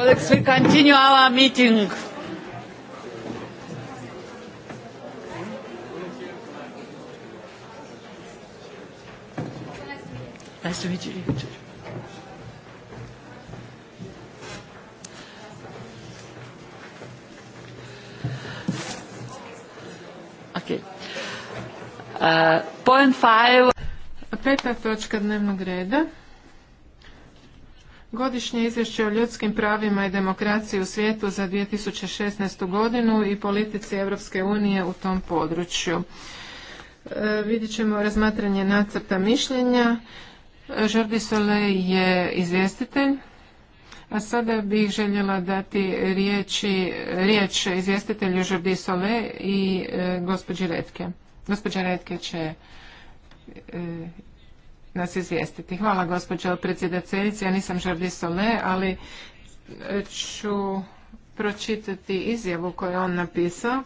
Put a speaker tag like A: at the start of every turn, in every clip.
A: Colleagues, we continue our meeting.
B: Nice to meet you. Okay.
A: Uh, point five. Peta točka dnevnog reda. Godišnje izvješće o ljudskim pravima i demokraciji u svijetu za 2016. godinu i politici Europske unije u tom području. E, vidjet ćemo razmatranje nacrta mišljenja. Jordi Sole je izvjestitelj. A sada bih željela dati riječi, riječ izvjestitelju Jordi Sole i e, gospođi Redke. Gospođa Redke će e, nas izvijestiti. Hvala gospođo predsjedateljice. Ja nisam Žardi Solé, ali ću pročitati izjavu koju je on napisao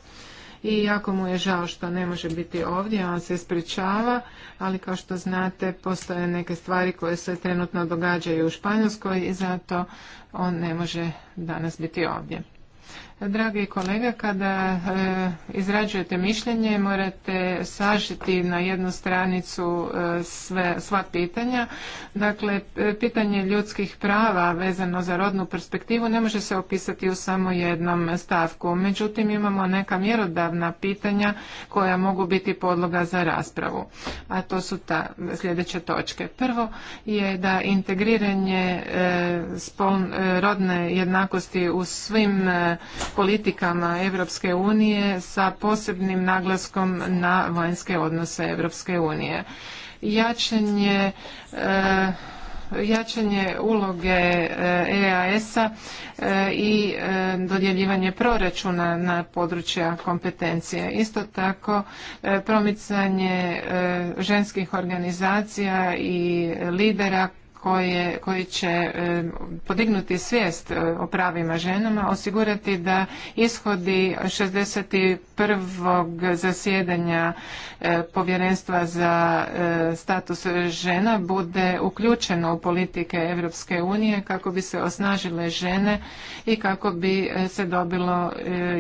A: i jako mu je žao što ne može biti ovdje, on se ispričava, ali kao što znate postoje neke stvari koje se trenutno događaju u Španjolskoj i zato on ne može danas biti ovdje. Dragi kolega, kada e, izrađujete mišljenje morate sažiti na jednu stranicu e, sve, sva pitanja. Dakle, e, pitanje ljudskih prava vezano za rodnu perspektivu ne može se opisati u samo jednom stavku. Međutim, imamo neka mjerodavna pitanja koja mogu biti podloga za raspravu. A to su ta sljedeće točke. Prvo je da integriranje rodne jednakosti u svim politikama Europske unije sa posebnim naglaskom na vanjske odnose Europske unije. Jačanje eh, jačanje uloge EAS-a eh, e eh, i dodjeljivanje proračuna na područja kompetencije. Isto tako promicanje ženskih organizacija i lidera koje, koji će e, podignuti svijest e, o pravima ženama, osigurati da ishodi 61. zasjedanja e, povjerenstva za status žena bude uključeno u politike Europske unije kako bi se osnažile žene i kako bi se dobilo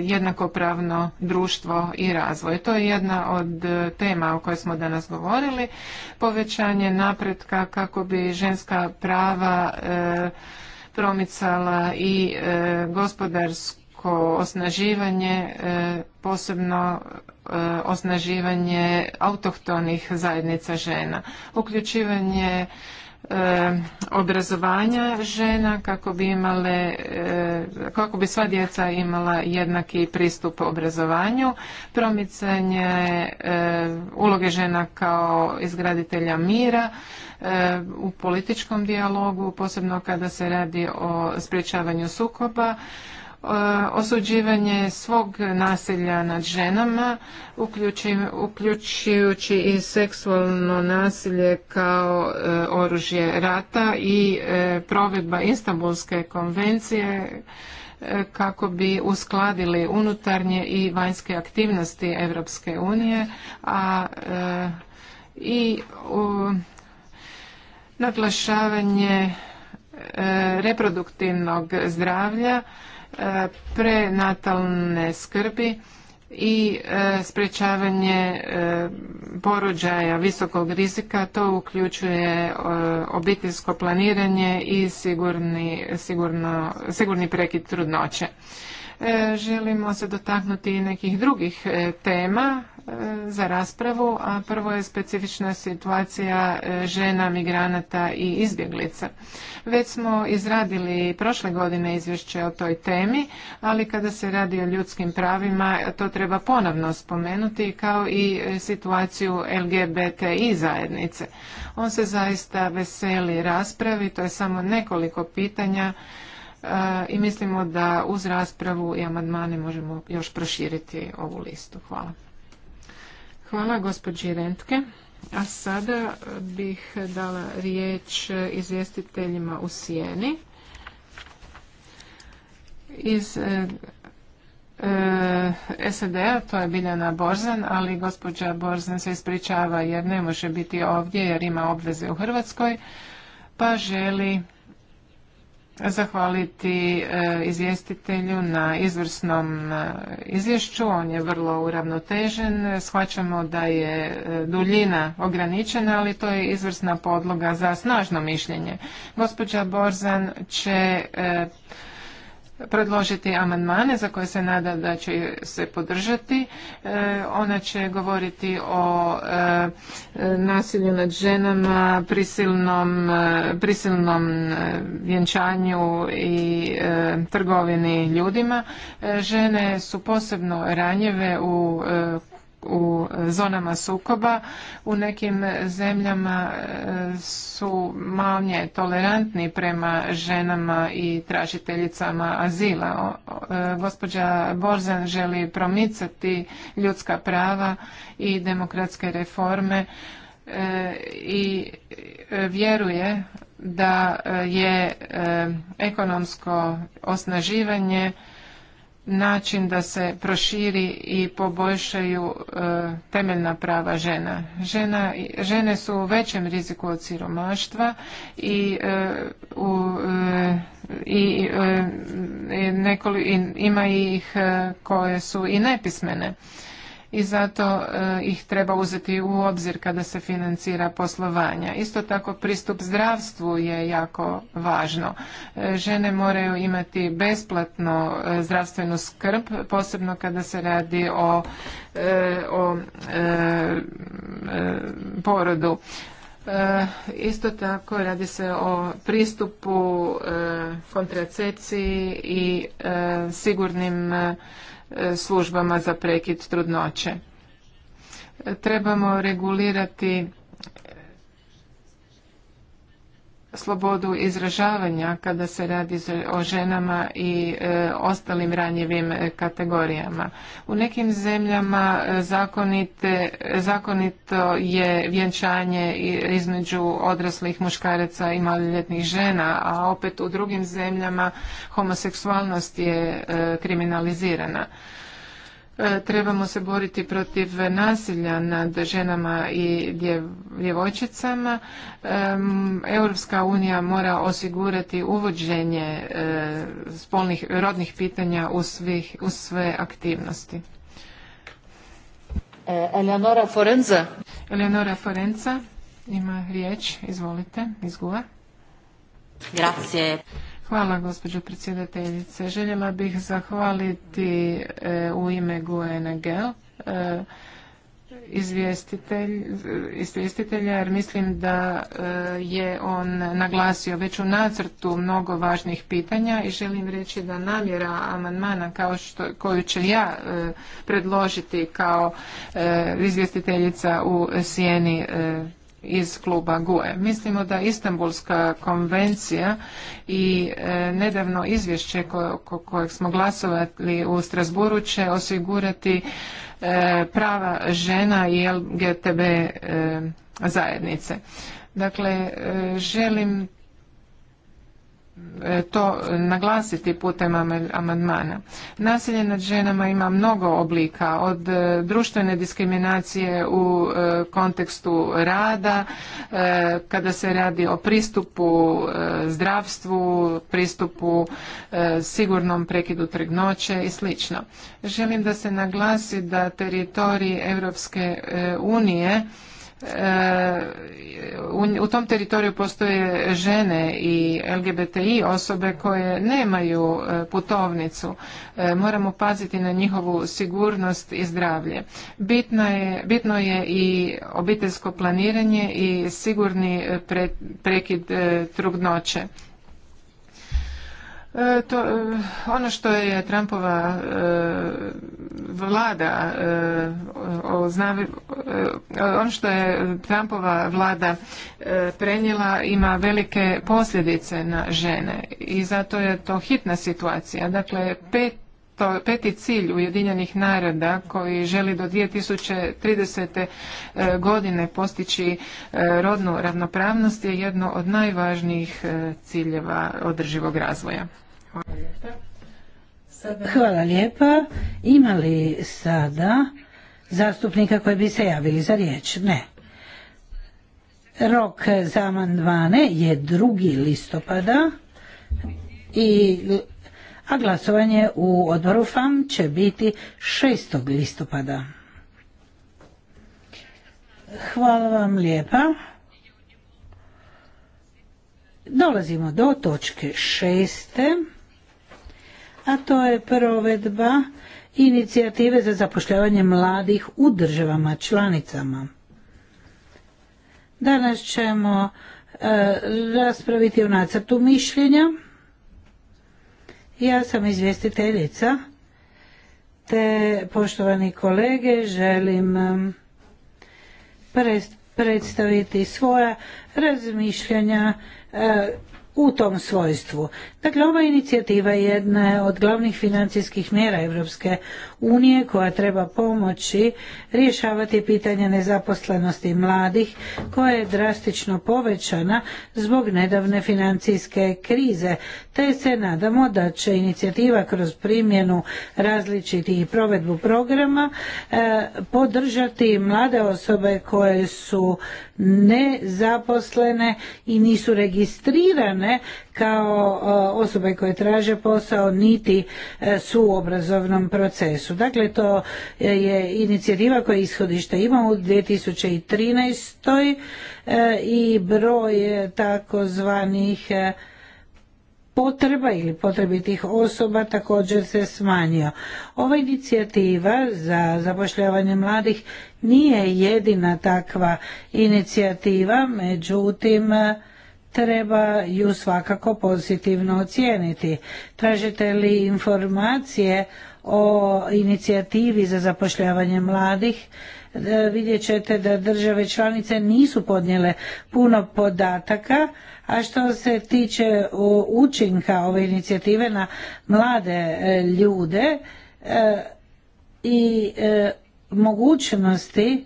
A: jednakopravno društvo i razvoj. To je jedna od tema o kojoj smo danas govorili, povećanje napretka kako bi ženska prava e, promicala i e, gospodarsko osnaživanje, e, posebno osnaživanje autohtonih zajednica žena, uključivanje E, obrazovanja žena kako bi imale e, kako bi sva djeca imala jednaki pristup obrazovanju promicanje e, uloge žena kao izgraditelja mira u političkom dijalogu posebno kada se radi o sprječavanju sukoba osuđivanje svog nasilja nad ženama, uključujući i seksualno nasilje kao e, oružje rata i e, provedba Istanbulske konvencije e, kako bi uskladili unutarnje i vanjske aktivnosti Europske unije, a i naglašavanje reproduktivnog zdravlja E, prenatalne skrbi i e, sprječavanje e, porođaja visokog rizika. To uključuje obiteljsko planiranje i sigurni, sigurni prekid trudnoće. Želimo se dotaknuti i nekih drugih tema za raspravu, a prvo je specifična situacija e, žena, migranata i izbjeglica. Već smo izradili prošle godine izvješće o toj temi, ali kada se radi o ljudskim pravima, to treba ponovno spomenuti kao i e, situaciju LGBTI zajednice. On se zaista veseli raspravi, to je samo nekoliko pitanja e, i mislimo da uz raspravu i amandmane možemo još proširiti ovu listu. Hvala. Hvala gospođi Rentke. A sada bih dala riječ izvjestiteljima u Sijeni. Iz e, e a to je Biljana Borzan, ali gospođa Borzan se ispričava jer ne može biti ovdje jer ima obveze u Hrvatskoj, pa želi zahvaliti e, izvjestitelju na izvrsnom e, izvješću. On je vrlo uravnotežen. Shvaćamo da je e, duljina ograničena, ali to je izvrsna podloga za snažno mišljenje. Gospođa Borzan će predložiti amandmane za koje se nada da će se podržati. E, ona će govoriti o e, nasilju nad ženama, prisilnom, e, prisilnom vjenčanju i trgovini ljudima. Žene su posebno ranjive u u zonama sukoba. U nekim zemljama e, su manje tolerantni prema ženama i tražiteljicama azila. E, gospođa Borzan želi promicati ljudska prava i demokratske reforme e, i vjeruje da je ekonomsko osnaživanje način da se proširi i poboljšaju e, temeljna prava žena. žena. Žene su u većem riziku od siromaštva i, e, u, e, i, nekoli, i ima ih koje su i nepismene i zato e, ih treba uzeti u obzir kada se financira poslovanja. Isto tako pristup zdravstvu je jako važno. E, žene moraju imati besplatno e, zdravstvenu skrb, posebno kada se radi o, o porodu. isto tako radi se o pristupu kontracepciji i sigurnim službama za prekid trudnoće. Trebamo regulirati slobodu izražavanja kada se radi o ženama i e, ostalim ranjivim e, kategorijama. U nekim zemljama e, zakonite, zakonito je vjenčanje između odraslih muškaraca i maloljetnih žena, a opet u drugim zemljama homoseksualnost je kriminalizirana. E, trebamo se boriti protiv nasilja nad ženama i djevojčicama. E, Europska unija mora osigurati uvođenje e, spolnih rodnih pitanja u, svih, u sve aktivnosti. Eleonora Forenza. Eleonora Forenza ima riječ, izvolite, izguva.
C: Grazie.
A: Hvala gospođo predsjedateljice. Željela bih zahvaliti e, u ime GUNG e, izvjestitelj, izvjestitelja jer mislim da e, je on naglasio već u nacrtu mnogo važnih pitanja i želim reći da namjera amandmana kao što, koju ću ja predložiti kao izvjestiteljica u sjeni iz kluba GUE. Mislimo da Istanbulska konvencija i e, nedavno izvješće kojeg smo glasovali u Strasburu će osigurati e, prava žena i LGTB e, zajednice. Dakle, želim E, to naglasiti putem amandmana. Nasilje nad ženama ima mnogo oblika, od e, društvene diskriminacije u e, kontekstu rada, kada se radi o pristupu zdravstvu, pristupu sigurnom prekidu trgnoće i sl. Želim da se naglasi da teritorij Europske unije E, u tom teritoriju postoje žene i LGBTI osobe koje nemaju e, putovnicu. E, moramo paziti na njihovu sigurnost i zdravlje. Bitno je, bitno je i obiteljsko planiranje i sigurni prekid trudnoće to, ono što je Trumpova vlada ono što je Trumpova vlada prenijela ima velike posljedice na žene i zato je to hitna situacija. Dakle, pet peti cilj Ujedinjenih naroda koji želi do 2030. E, godine postići e, rodnu ravnopravnost je jedno od najvažnijih e, ciljeva održivog razvoja.
D: Hvala lijepa. Ima li sada zastupnika koji bi se javili za riječ? Ne. Rok za amandmane je 2. listopada i a glasovanje u odboru FAM će biti 6. listopada. Hvala vam lijepa. Dolazimo do točke šeste a to je provedba inicijative za zapošljavanje mladih u državama članicama. Danas ćemo e, raspraviti o nacrtu mišljenja. Ja sam izvjestiteljica, te poštovani kolege želim e, predstaviti svoja razmišljanja e, u tom svojstvu. Dakle, ova inicijativa je jedna od glavnih financijskih mjera Europske unije koja treba pomoći rješavati pitanje nezaposlenosti mladih koja je drastično povećana zbog nedavne financijske krize, te se nadamo da će inicijativa kroz primjenu različitih i provedbu programa eh, podržati mlade osobe koje su nezaposlene i nisu registrirane kao e, osobe koje traže posao niti e, su u obrazovnom procesu. Dakle, to e, je inicijativa koja ishodište ima u 2013. i broj takozvanih potreba ili potrebitih osoba također se smanjio. Ova inicijativa za zapošljavanje mladih nije jedina takva inicijativa, međutim treba ju svakako pozitivno ocijeniti. Tražite li informacije o inicijativi za zapošljavanje mladih? E, vidjet ćete da države članice nisu podnijele puno podataka, a što se tiče učinka ove inicijative na mlade e, ljude e, i mogućnosti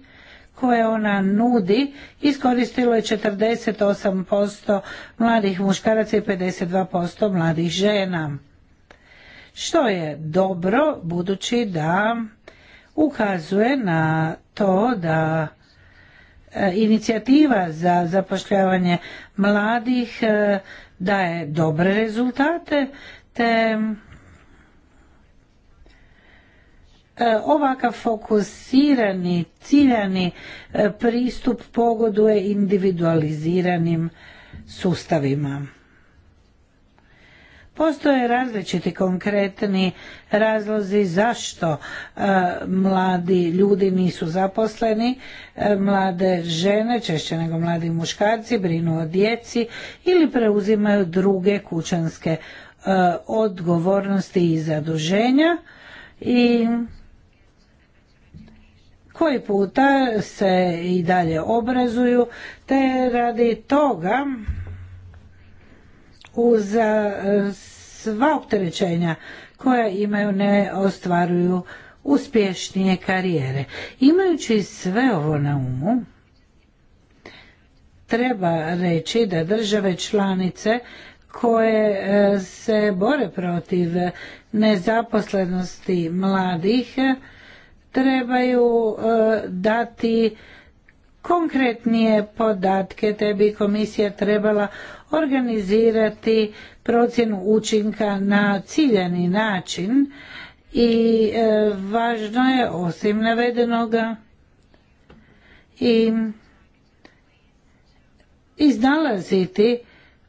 D: koje ona nudi iskoristilo je 48% mladih muškaraca i 52% mladih žena. Što je dobro budući da ukazuje na to da e, inicijativa za zapošljavanje mladih e, daje dobre rezultate te e, ovakav fokusirani ciljani pristup pogoduje individualiziranim sustavima Postoje različiti konkretni razlozi zašto e, mladi ljudi nisu zaposleni, e, mlade žene, češće nego mladi muškarci, brinu o djeci ili preuzimaju druge kućanske e, odgovornosti i zaduženja i koji puta se i dalje obrazuju te radi toga uz za e, sva opterećenja koja imaju ne ostvaruju uspješnije karijere. Imajući sve ovo na umu, treba reći da države članice koje e, se bore protiv nezaposlenosti mladih e, trebaju dati konkretnije podatke, te bi komisija trebala organizirati procjenu učinka na ciljani način i e, važno je osim navedenoga i iznalaziti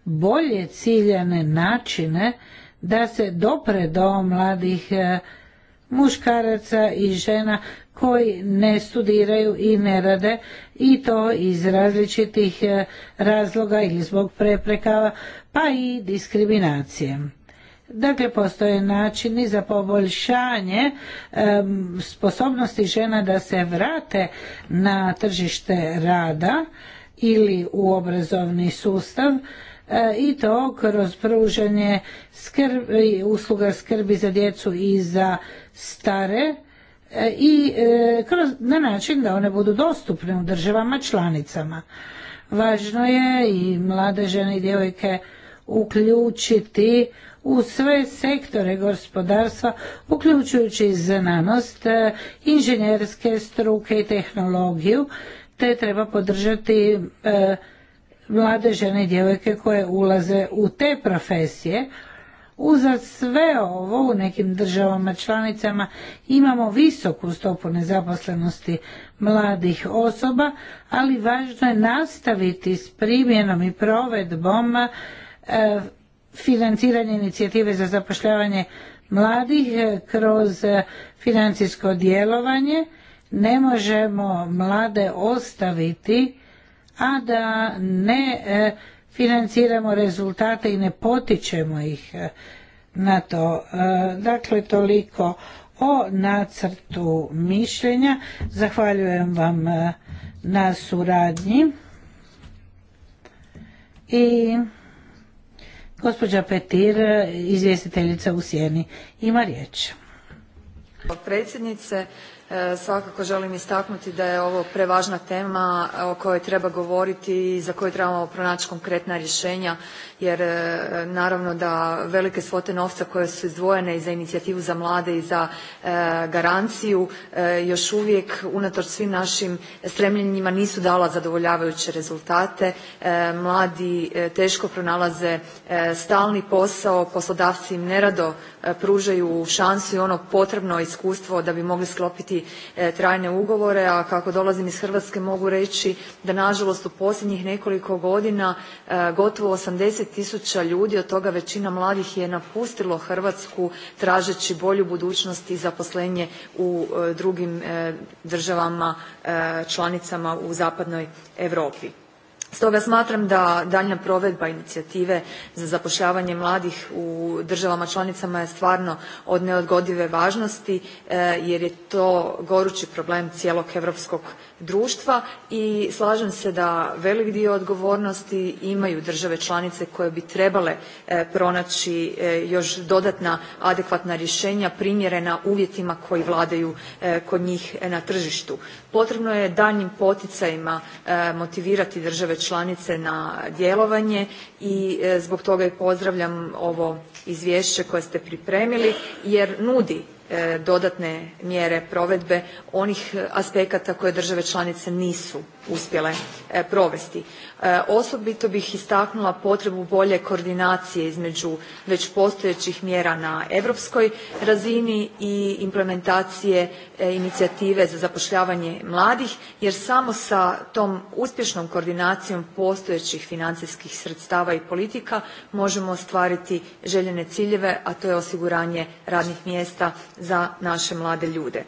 D: bolje ciljane načine da se dopre do mladih e, muškaraca i žena koji ne studiraju i ne rade i to iz različitih e, razloga ili zbog prepreka pa i diskriminacije. Dakle, postoje načini za poboljšanje e, sposobnosti žena da se vrate na tržište rada ili u obrazovni sustav e, i to kroz pružanje skrbi, usluga skrbi za djecu i za stare E, i e, na način da one budu dostupne u državama članicama. Važno je i mlade žene i djevojke uključiti u sve sektore gospodarstva, uključujući znanost, e, inženjerske struke i tehnologiju, te treba podržati mlade žene i djevojke koje ulaze u te profesije, Uza sve ovo u nekim državama članicama imamo visoku stopu nezaposlenosti mladih osoba, ali važno je nastaviti s primjenom i provedbom e, financiranje inicijative za zapošljavanje mladih e, kroz e, financijsko djelovanje. Ne možemo mlade ostaviti, a da ne e, financiramo rezultate i ne potičemo ih e, na to. E, dakle, toliko o nacrtu mišljenja. Zahvaljujem vam e, na suradnji. I gospođa Petir, izvjestiteljica u Sjeni, ima riječ.
C: Predsjednice, E, svakako želim istaknuti da je ovo prevažna tema o kojoj treba govoriti i za koju trebamo pronaći konkretna rješenja jer e, naravno da velike svote novca koje su izdvojene i za inicijativu za mlade i za e, garanciju e, još uvijek unatoč svim našim stremljenjima nisu dala zadovoljavajuće rezultate. Mladi teško pronalaze stalni posao, poslodavci im nerado pružaju šansu i ono potrebno iskustvo da bi mogli sklopiti trajne ugovore, a kako dolazim iz Hrvatske mogu reći da nažalost u posljednjih nekoliko godina gotovo 80 tisuća ljudi, od toga većina mladih je napustilo Hrvatsku tražeći bolju budućnost i zaposlenje u e, drugim e, državama e, članicama u zapadnoj Europi. Stoga smatram da daljnja provedba inicijative za zapošljavanje mladih u državama članicama je stvarno od neodgodive važnosti e, jer je to gorući problem cijelog europskog društva i slažem se da velik dio odgovornosti imaju države članice koje bi trebale e, pronaći e, još dodatna adekvatna rješenja primjerena uvjetima koji vladaju kod njih na tržištu. Potrebno je daljnjim poticajima motivirati države članice na djelovanje i e, zbog toga i pozdravljam ovo izvješće koje ste pripremili jer nudi E, dodatne mjere provedbe onih e, aspekata koje države članice nisu uspjele e, provesti. Osobito bih istaknula potrebu bolje koordinacije između već postojećih mjera na europskoj razini i implementacije inicijative za zapošljavanje mladih jer samo sa tom uspješnom koordinacijom postojećih financijskih sredstava i politika možemo ostvariti željene ciljeve, a to je osiguranje radnih mjesta za naše mlade ljude.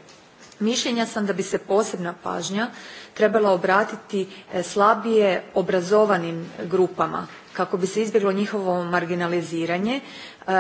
C: Mišljenja sam da bi se posebna pažnja trebala obratiti e, slabije obrazovanim grupama kako bi se izbjeglo njihovo marginaliziranje e,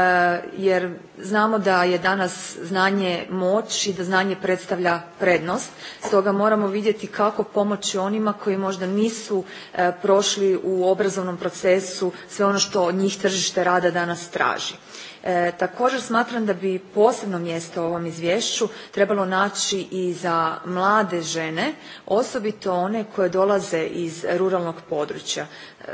C: jer znamo da je danas znanje moć i da znanje predstavlja prednost. Stoga moramo vidjeti kako pomoći onima koji možda nisu e, prošli u obrazovnom procesu sve ono što njih tržište rada danas traži. E, također smatram da bi posebno mjesto u ovom izvješću trebalo naći i za mlade žene, osobito one koje dolaze iz ruralnog područja.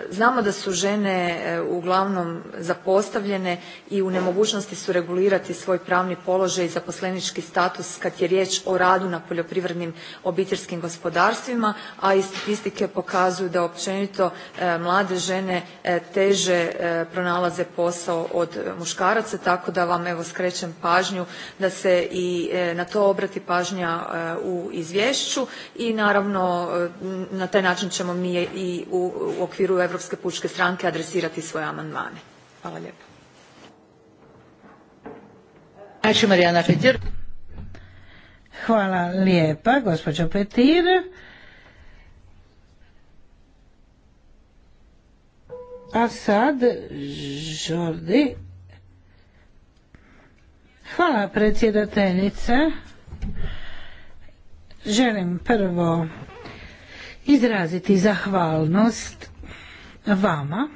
C: Znamo da su žene e, uglavnom zapostavljene i u nemogućnosti su regulirati svoj pravni položaj i zaposlenički status kad je riječ o radu na poljoprivrednim obiteljskim gospodarstvima, a i statistike pokazuju da općenito e, mlade žene e, teže pronalaze posao od muškaraca, tako da vam evo skrećem pažnju da se i na to obrati pažnja u izvješću i naravno na taj način ćemo mi i u okviru Europske pučke stranke adresirati svoje amandmane.
D: Hvala lijepo. Hvala lijepa, gospođo Petir. A sad, Žordi. Hvala predsjedateljice. Želim prvo izraziti zahvalnost vama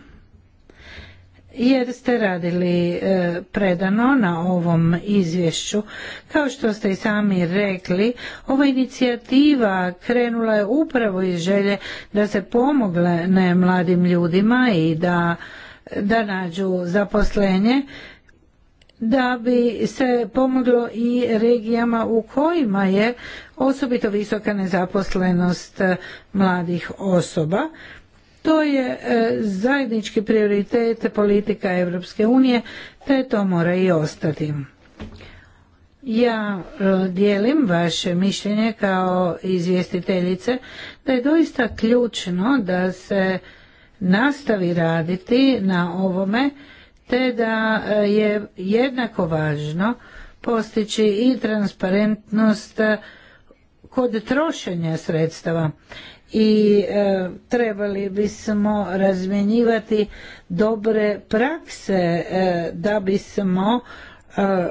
D: jer ste radili e, predano na ovom izvješću. Kao što ste i sami rekli, ova inicijativa krenula je upravo iz želje da se pomogle ne mladim ljudima i da, da nađu zaposlenje da bi se pomoglo i regijama u kojima je osobito visoka nezaposlenost e, mladih osoba to je e, zajednički prioritet politika Europske unije, te to mora i ostati. Ja e, dijelim vaše mišljenje kao izvjestiteljice da je doista ključno da se nastavi raditi na ovome te da e, je jednako važno postići i transparentnost kod trošenja sredstava i e, trebali bismo razmjenjivati dobre prakse e, da bismo e,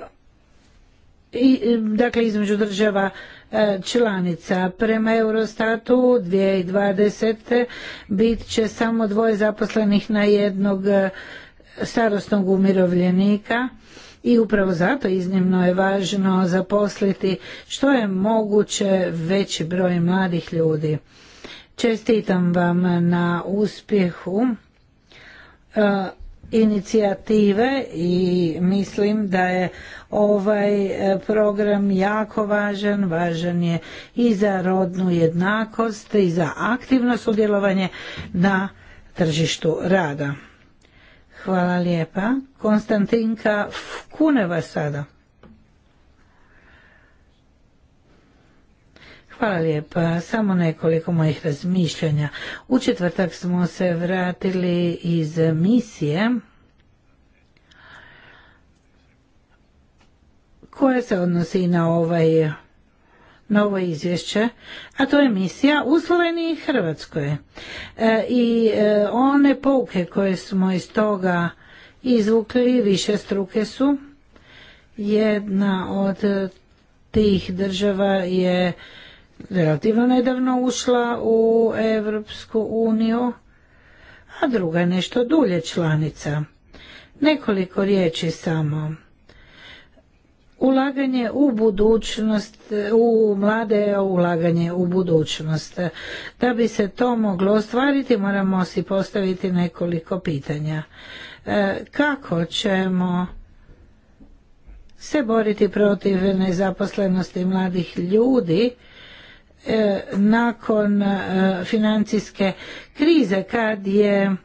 D: i, dakle između država e, članica. Prema Eurostatu 2020. bit će samo dvoje zaposlenih na jednog starosnog umirovljenika i upravo zato iznimno je važno zaposliti što je moguće veći broj mladih ljudi. Čestitam vam na uspjehu e, inicijative i mislim da je ovaj e, program jako važan, važan je i za rodnu jednakost i za aktivno sudjelovanje na tržištu rada. Hvala lijepa. Konstantinka Kuneva sada. Hvala lijepa. Samo nekoliko mojih razmišljanja. U četvrtak smo se vratili iz misije koja se odnosi na ovaj novo izvješće, a to je misija u Sloveniji i Hrvatskoj. E, I e, one pouke koje smo iz toga izvukli više struke su. Jedna od tih država je relativno nedavno ušla u Europsku uniju, a druga nešto dulje članica. Nekoliko riječi samo. Ulaganje u budućnost, u mlade ulaganje u budućnost. Da bi se to moglo ostvariti moramo si postaviti nekoliko pitanja. E, kako ćemo se boriti protiv nezaposlenosti mladih ljudi E, nakon e, financijske krize kad je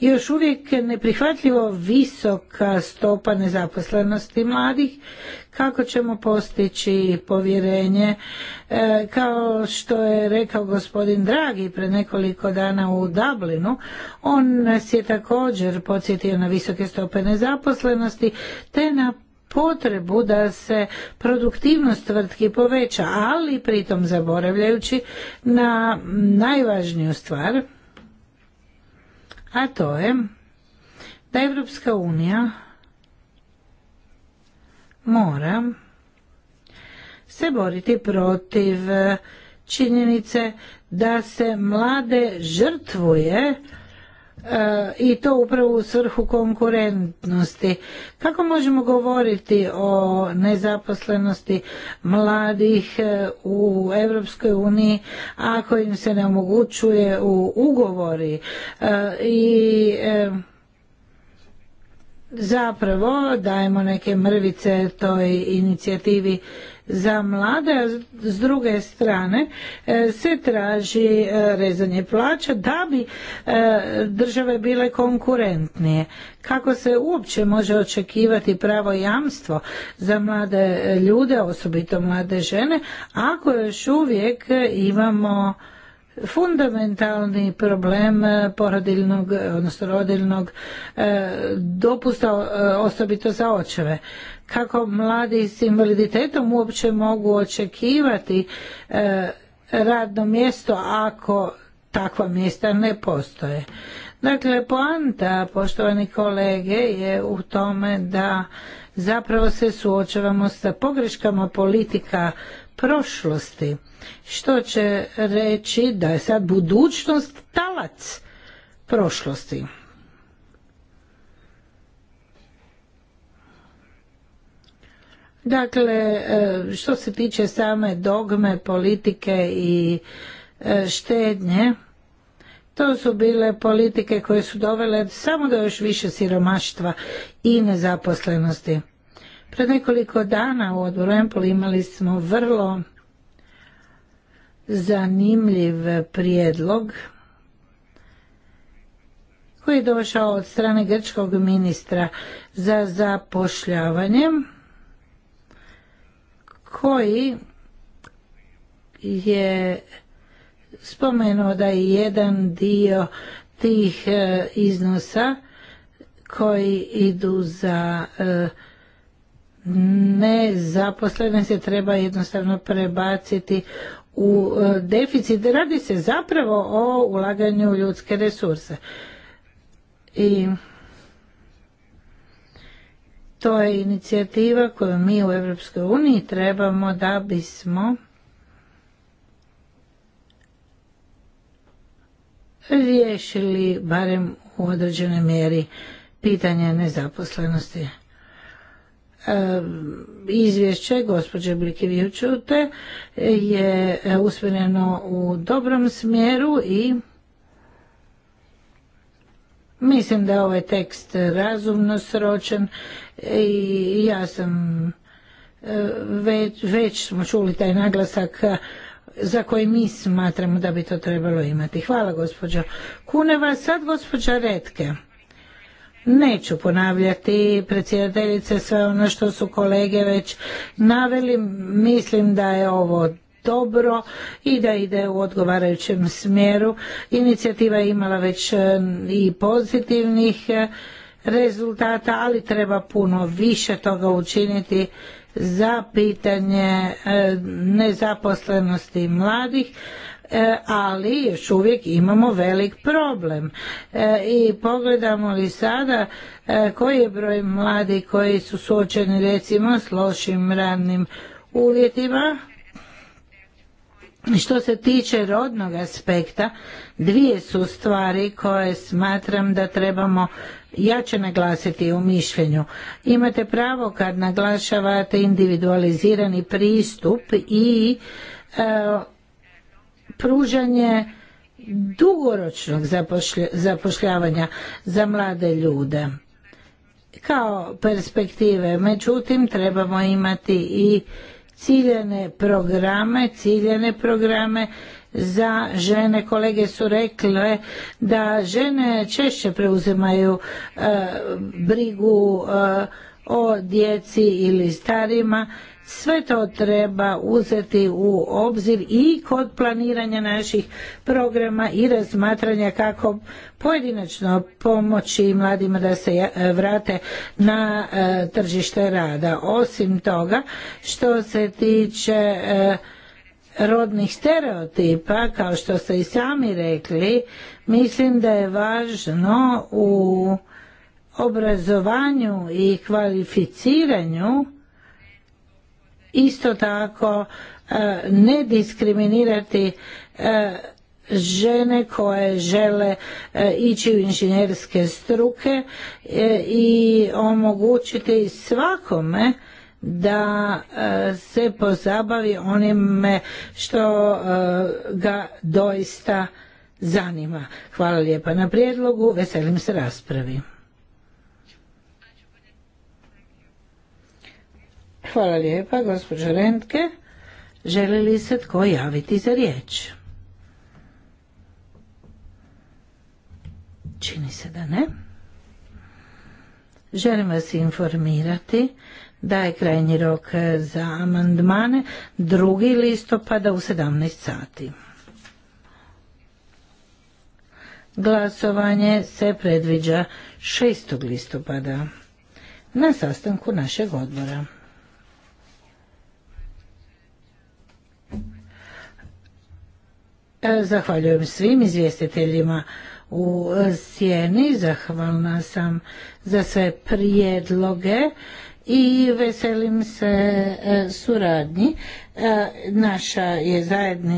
D: još uvijek neprihvatljivo visoka stopa nezaposlenosti mladih, kako ćemo postići povjerenje, e, kao što je rekao gospodin Dragi pre nekoliko dana u Dublinu, on nas je također podsjetio na visoke stope nezaposlenosti, te na potrebu da se produktivnost tvrtki poveća, ali pritom zaboravljajući na najvažniju stvar, a to je da Evropska unija mora se boriti protiv e, činjenice da se mlade žrtvuje E, i to upravo u svrhu konkurentnosti. Kako možemo govoriti o nezaposlenosti mladih e, u Europskoj uniji ako im se ne omogućuje u ugovori e, i zapravo dajemo neke mrvice toj inicijativi za mlade, a s druge strane e, se traži e, rezanje plaća da bi e, države bile konkurentnije. Kako se uopće može očekivati pravo jamstvo za mlade ljude, osobito mlade žene, ako još uvijek imamo fundamentalni problem porodilnog, odnosno rodiljnog dopusta, osobito za očeve kako mladi s invaliditetom uopće mogu očekivati e, radno mjesto ako takva mjesta ne postoje. Dakle, poanta, poštovani kolege, je u tome da zapravo se suočavamo sa pogreškama politika prošlosti, što će reći da je sad budućnost talac prošlosti. Dakle, e, što se tiče same dogme, politike i e, štednje, to su bile politike koje su dovele samo do još više siromaštva i nezaposlenosti. Pred nekoliko dana u odboru imali smo vrlo zanimljiv prijedlog koji je došao od strane grčkog ministra za zapošljavanje koji je spomenuo da je jedan dio tih e, iznosa koji idu za e, nezaposlene se treba jednostavno prebaciti u e, deficit. Radi se zapravo o ulaganju ljudske resurse. I to je inicijativa koju mi u Europskoj uniji trebamo da bismo riješili barem u određenoj mjeri pitanje nezaposlenosti. E, izvješće gospođe Blikivijučute je usmjereno u dobrom smjeru i mislim da je ovaj tekst razumno sročen i ja sam e, već, smo čuli taj naglasak e, za koji mi smatramo da bi to trebalo imati. Hvala gospođo Kuneva. Sad gospođa Retke. Neću ponavljati predsjedateljice sve ono što su kolege već naveli. Mislim da je ovo dobro i da ide u odgovarajućem smjeru. Inicijativa je imala već e, i pozitivnih rezultata, ali treba puno više toga učiniti za pitanje e, nezaposlenosti mladih, e, ali još uvijek imamo velik problem. E, I pogledamo li sada koji je broj mladi koji su suočeni recimo s lošim radnim uvjetima, što se tiče rodnog aspekta, dvije su stvari koje smatram da trebamo jače naglasiti u mišljenju. Imate pravo kad naglašavate individualizirani pristup i e, pružanje dugoročnog zapošljavanja za mlade ljude kao perspektive. Međutim, trebamo imati i ciljene programe, ciljene programe za žene. Kolege su rekle da žene češće preuzimaju e, brigu e, o djeci ili starima. Sve to treba uzeti u obzir i kod planiranja naših programa i razmatranja kako pojedinačno pomoći mladima da se e, vrate na tržište rada. Osim toga, što se tiče rodnih stereotipa, kao što ste i sami rekli, mislim da je važno u obrazovanju i kvalificiranju isto tako e, ne diskriminirati e, žene koje žele e, ići u inženjerske struke i omogućiti svakome da e, se pozabavi onime što e, ga doista zanima. Hvala lijepa na prijedlogu, veselim se raspravi. Hvala lijepa, gospođo Rentke. Želi li se tko javiti za riječ? Čini se da ne. Želim vas informirati da je krajnji rok e, za amandmane 2. listopada u 17 sati. Glasovanje se predviđa 6. listopada na sastanku našeg odbora. E, zahvaljujem svim izvjestiteljima u e, sjeni, zahvalna sam za sve prijedloge i veselim se e, suradnji. E, naša je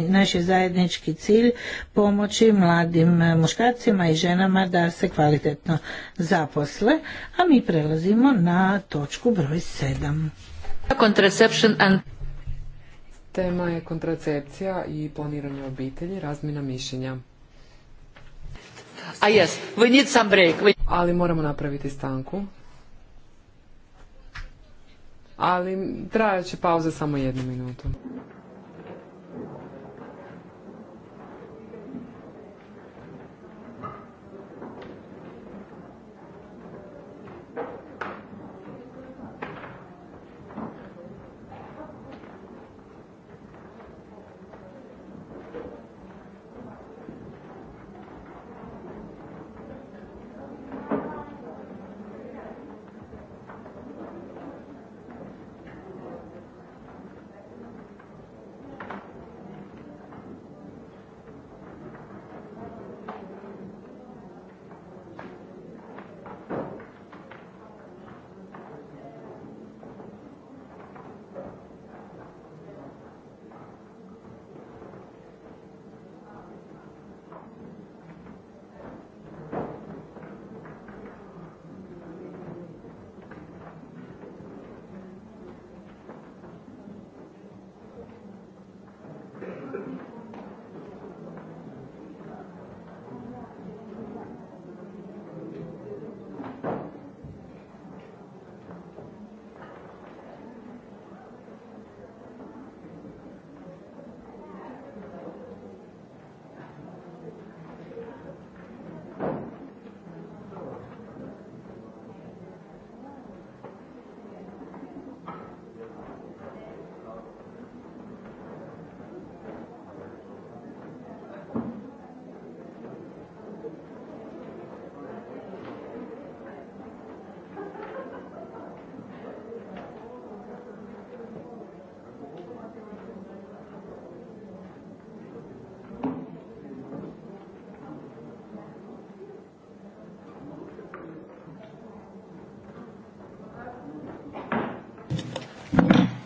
D: naš je zajednički cilj pomoći mladim e, muškarcima i ženama da se kvalitetno zaposle, a mi prelazimo na točku broj 7. Contraception
B: Tema je kontracepcija i planiranje obitelji, razmjena mišljenja. A jes, we need some Ali moramo napraviti stanku ali trajat će pauza samo jednu minutu.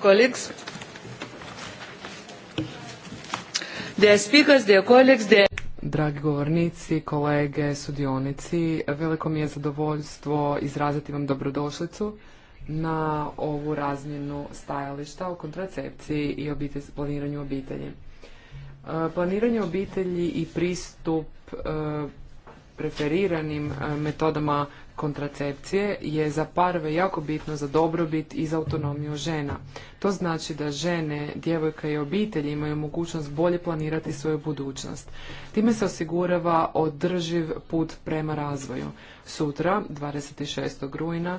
B: colleagues Dragi govornici, kolege, sudionici, veliko mi je zadovoljstvo izraziti vam dobrodošlicu na ovu razmjenu stajališta o kontracepciji i planiranju obitelji. E, planiranje obitelji i pristup e, preferiranim e, metodama kontracepcije je za parve jako bitno za dobrobit i za autonomiju žena. To znači da žene, djevojka i obitelji imaju mogućnost bolje planirati svoju budućnost. Time se osigurava održiv put prema razvoju. Sutra, 26. rujna,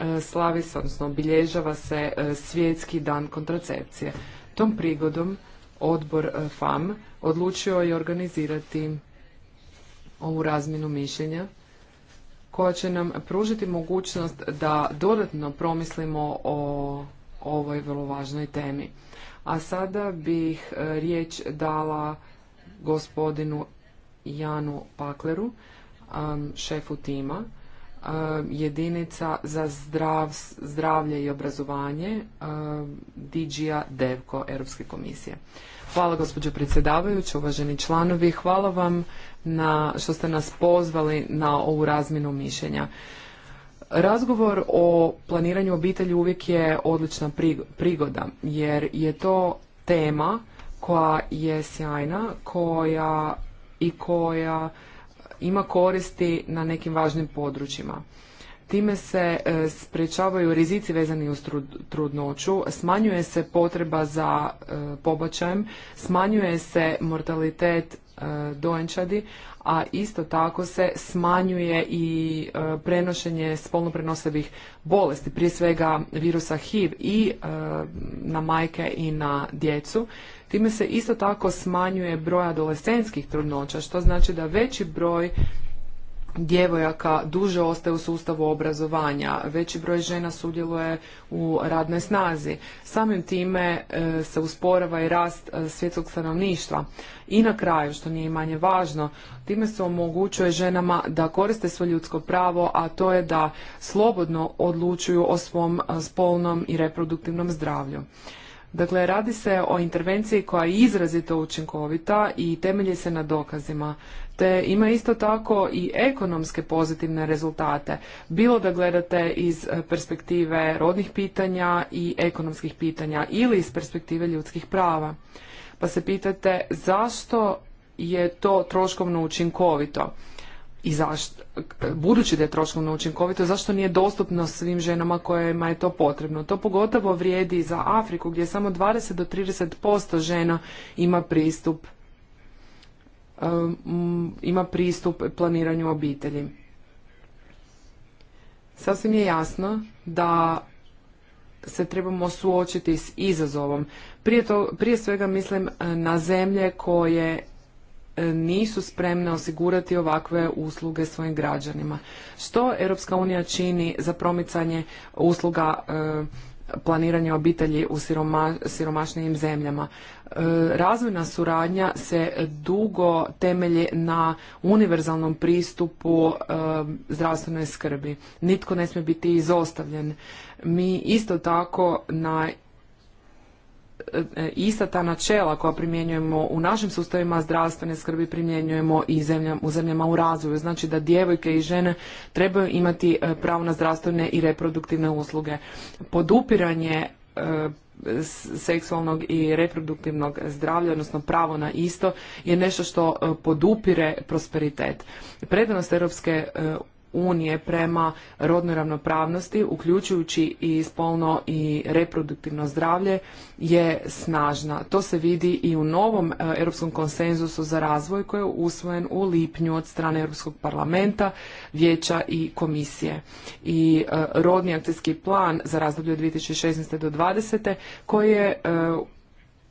B: e, slavi se, odnosno obilježava se e, svjetski dan kontracepcije. Tom prigodom odbor e, FAM odlučio je organizirati ovu razminu mišljenja koja će nam pružiti mogućnost da dodatno promislimo o ovoj vrlo važnoj temi. A sada bih e, riječ dala gospodinu Janu Pakleru, šefu tima, jedinica za zdrav, zdravlje i obrazovanje DG-a Devko Europske komisije. Hvala gospođo predsjedavajući, uvaženi članovi, hvala vam na, što ste nas pozvali na ovu razminu mišljenja. Razgovor o planiranju obitelji uvijek je odlična prigoda jer je to tema koja je sjajna, koja i koja ima koristi na nekim važnim područjima. Time se e, sprečavaju rizici vezani uz trudnoću, smanjuje se potreba za e, pobačajem, smanjuje se mortalitet E, dojenčadi, a isto tako se smanjuje i e, prenošenje spolno prenosivih bolesti, prije svega virusa HIV i e, na majke i na djecu. Time se isto tako smanjuje broj adolescenskih trudnoća, što znači da veći broj djevojaka duže ostaje u sustavu obrazovanja, veći broj žena sudjeluje u radnoj snazi. Samim time e, se usporava i rast e, svjetskog stanovništva. I na kraju, što nije manje važno, time se omogućuje ženama da koriste svoje ljudsko pravo, a to je da slobodno odlučuju o svom e, spolnom i reproduktivnom zdravlju. Dakle, radi se o intervenciji koja je izrazito učinkovita i temelji se na dokazima te ima isto tako i ekonomske pozitivne rezultate, bilo da gledate iz e, perspektive rodnih pitanja i ekonomskih pitanja ili iz perspektive ljudskih prava. Pa se pitate zašto je to troškovno učinkovito i zašto, budući da je troškovno učinkovito, zašto nije dostupno svim ženama kojima je to potrebno. To pogotovo vrijedi za Afriku gdje samo 20 do 30% žena ima pristup Um, ima pristup planiranju obitelji. Sasvim je jasno da se trebamo suočiti s izazovom. Prije, prije svega mislim e, na zemlje koje e, nisu spremne osigurati ovakve usluge svojim građanima. Što Europska unija čini za promicanje usluga e, planiranje obitelji u siroma, siromašnijim zemljama. E, razvojna suradnja se dugo temelji na univerzalnom pristupu e, zdravstvenoj skrbi. Nitko ne smije biti izostavljen. Mi isto tako na E, e, ista ta načela koja primjenjujemo u našim sustavima zdravstvene skrbi primjenjujemo i zemljama, u zemljama u razvoju. Znači da djevojke i žene trebaju imati e, pravo na zdravstvene i reproduktivne usluge. Podupiranje seksualnog i reproduktivnog zdravlja, odnosno pravo na isto, je nešto što podupire prosperitet. Predanost Europske unije prema rodnoj ravnopravnosti, uključujući i spolno i reproduktivno zdravlje, je snažna. To se vidi i u novom e, europskom konsenzusu za razvoj koji je usvojen u lipnju od strane Europskog parlamenta, vijeća i komisije. I e, rodni akcijski plan za razdoblje od 2016. do 2020. koji je e,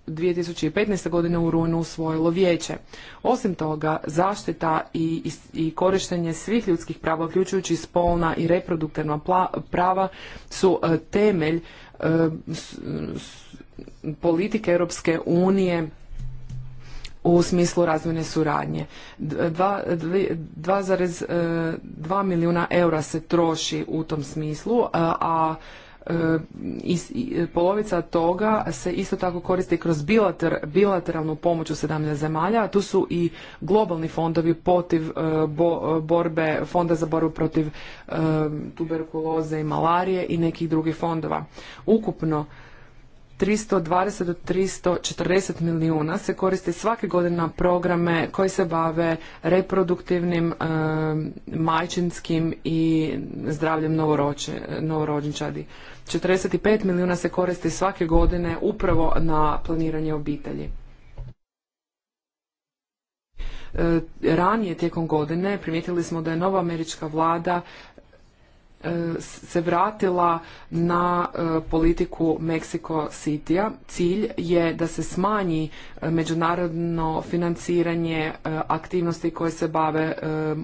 B: 2015. godine u rujnu usvojilo vijeće. Osim toga, zaštita i, korištenje svih ljudskih prava, uključujući spolna i reproduktivna prava, su e, temelj e, politike Europske unije u smislu razvojne suradnje. 2,2 e, milijuna eura se troši u tom smislu, a E, e, polovica toga se isto tako koristi kroz bilateralnu pomoć u 17 zemalja, a tu su i globalni fondovi protiv e, borbe, fonda za borbu protiv tuberkuloze i malarije i nekih drugih fondova. Ukupno 320 do 340 milijuna se koristi svake godine na programe koji se bave reproduktivnim, majčinskim i zdravljem novorođenčadi. 45 milijuna se koristi svake godine upravo na planiranje obitelji. E, ranije tijekom godine primijetili smo da je nova američka vlada E, se vratila na e, politiku Mexico City-a. Cilj je da se smanji e, međunarodno financiranje aktivnosti koje se bave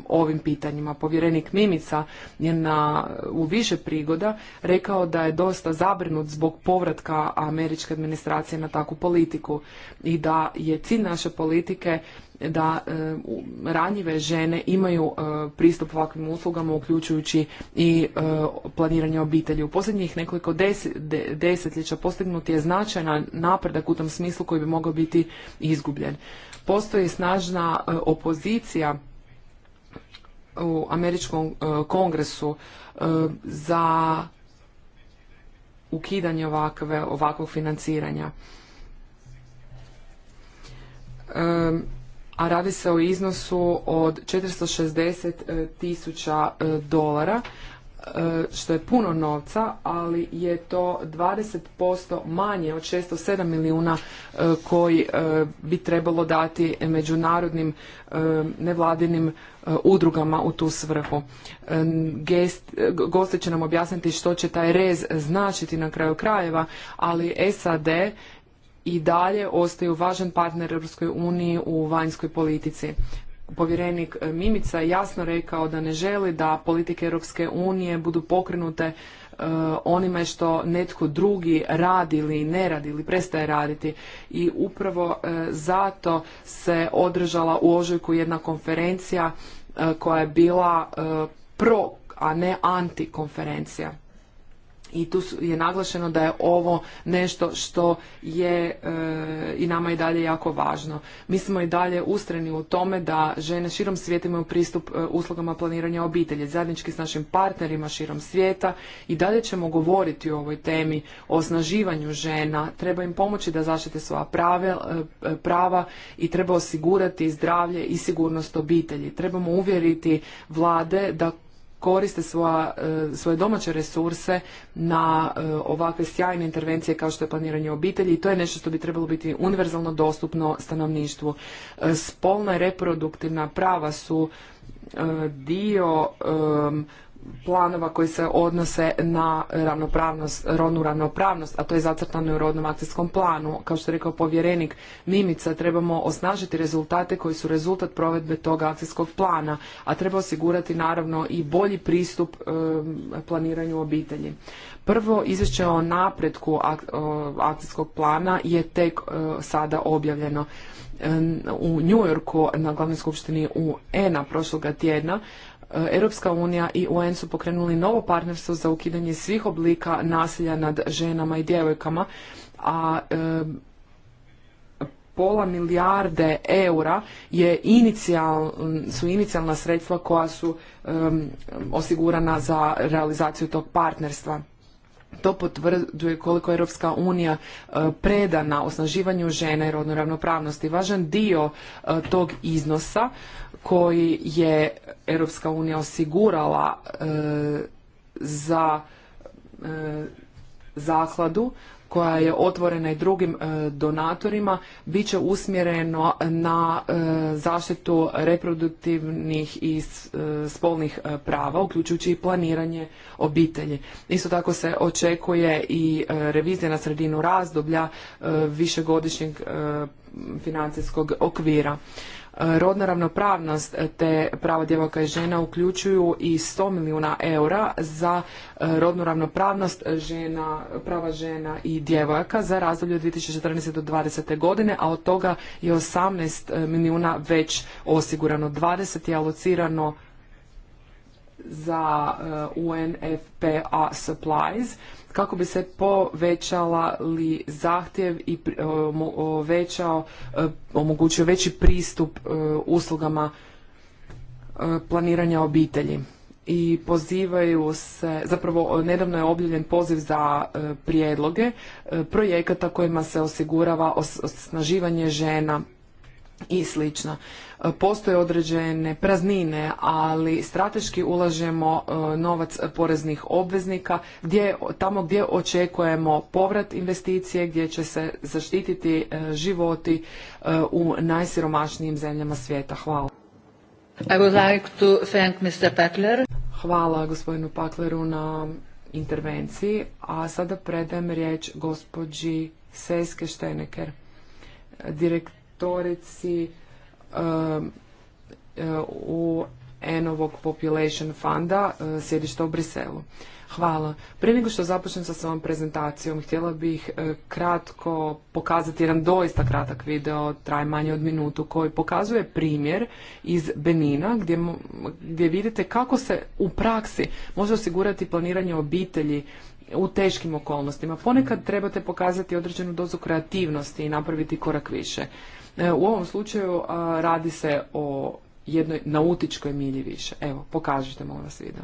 B: ovim pitanjima. Povjerenik Mimica je na, u više prigoda rekao da je dosta zabrinut zbog povratka američke administracije na takvu politiku i da je cilj naše politike da e, ranjive žene imaju e, pristup ovakvim uslugama uključujući i e, planiranje obitelji. U posljednjih nekoliko desetljeća postignut je značajan napredak u tom smislu koji bi mogao biti izgubljen. Postoji snažna opozicija u američkom kongresu za ukidanje ovakve, ovakvog financiranja a radi se o iznosu od 460 e, tisuća e, dolara, e, što je puno novca, ali je to 20% manje od 607 milijuna koji bi trebalo dati međunarodnim nevladinim udrugama u tu svrhu. goste će nam objasniti što će taj rez značiti na kraju krajeva, ali SAD i dalje ostaju važan partner Europskoj uniji u vanjskoj politici. Povjerenik e, Mimica je jasno rekao da ne želi da politike Europske unije budu pokrenute e, onime što netko drugi radi ili ne radi ili prestaje raditi i upravo e, zato se održala u ožujku jedna konferencija koja je bila pro, a ne anti konferencija i tu je naglašeno da je ovo nešto što je e, i nama i dalje jako važno. Mi smo i dalje ustreni u tome da žene širom svijeta imaju pristup e, uslugama planiranja obitelji, zajednički s našim partnerima širom svijeta i dalje ćemo govoriti o ovoj temi, o osnaživanju žena, treba im pomoći da zaštite svoja prave, e, prava i treba osigurati zdravlje i sigurnost obitelji. Trebamo uvjeriti vlade da koriste svoja, e, svoje domaće resurse na e, ovakve sjajne intervencije kao što je planiranje obitelji i to je nešto što bi trebalo biti univerzalno dostupno stanovništvu. E, spolna i reproduktivna prava su dio planova koji se odnose na ravnopravnost, rodnu ravnopravnost, a to je zacrtano u rodnom akcijskom planu. Kao što je rekao povjerenik Mimica, trebamo osnažiti rezultate koji su rezultat provedbe tog akcijskog plana, a treba osigurati naravno i bolji pristup planiranju obitelji. Prvo izvješće o napretku akcijskog plana je tek e, sada objavljeno u New Yorku na glavnoj skupštini UN-a prošloga tjedna E, Europska unija i UN su pokrenuli novo partnerstvo za ukidanje svih oblika nasilja nad ženama i djevojkama, a e, pola milijarde eura je su inicijalna sredstva koja su e, osigurana za realizaciju tog partnerstva. To potvrđuje koliko je Europska unija predana osnaživanju žena i rodnoj ravnopravnosti. Važan dio tog iznosa koji je Europska unija osigurala e, za e, zakladu koja je otvorena i drugim e, donatorima bit će usmjereno na zaštitu reproduktivnih i spolnih prava, uključujući i planiranje obitelji. Isto tako se očekuje i revizija na sredinu razdoblja višegodišnjeg financijskog okvira. Rodna ravnopravnost te prava djevojaka i žena uključuju i 100 milijuna eura za e, rodnu ravnopravnost žena, prava žena i djevojaka za razdoblje od 2014. do 2020. godine, a od toga je 18 e, milijuna već osigurano. 20 je alocirano za e, UNFPA supplies kako bi se povećala li zahtjev i e, većao, e, omogućio veći pristup e, uslugama planiranja obitelji i pozivaju se, zapravo nedavno je objavljen poziv za prijedloge projekata kojima se osigurava osnaživanje žena i slično. E, postoje određene praznine, ali strateški ulažemo e, novac poreznih obveznika gdje, tamo gdje očekujemo povrat investicije, gdje će se zaštititi e, životi u najsiromašnijim zemljama svijeta. Hvala. to thank Mr. Hvala gospodinu Pakleru na intervenciji, a sada predajem riječ gospođi Seske Šteneker, direkt direktorici um, uh, u Enovog Population Funda, uh, sjedišta u Briselu. Hvala. Prije nego što započnem sa svojom prezentacijom, htjela bih uh, kratko pokazati jedan doista kratak video, traje manje od minutu, koji pokazuje primjer iz Benina gdje, gdje vidite kako se u praksi može osigurati planiranje obitelji u teškim okolnostima. Ponekad trebate pokazati određenu dozu kreativnosti i napraviti korak više. E, u ovom slučaju radi se o jednoj nautičkoj milji više. Evo, pokažite molim vas video.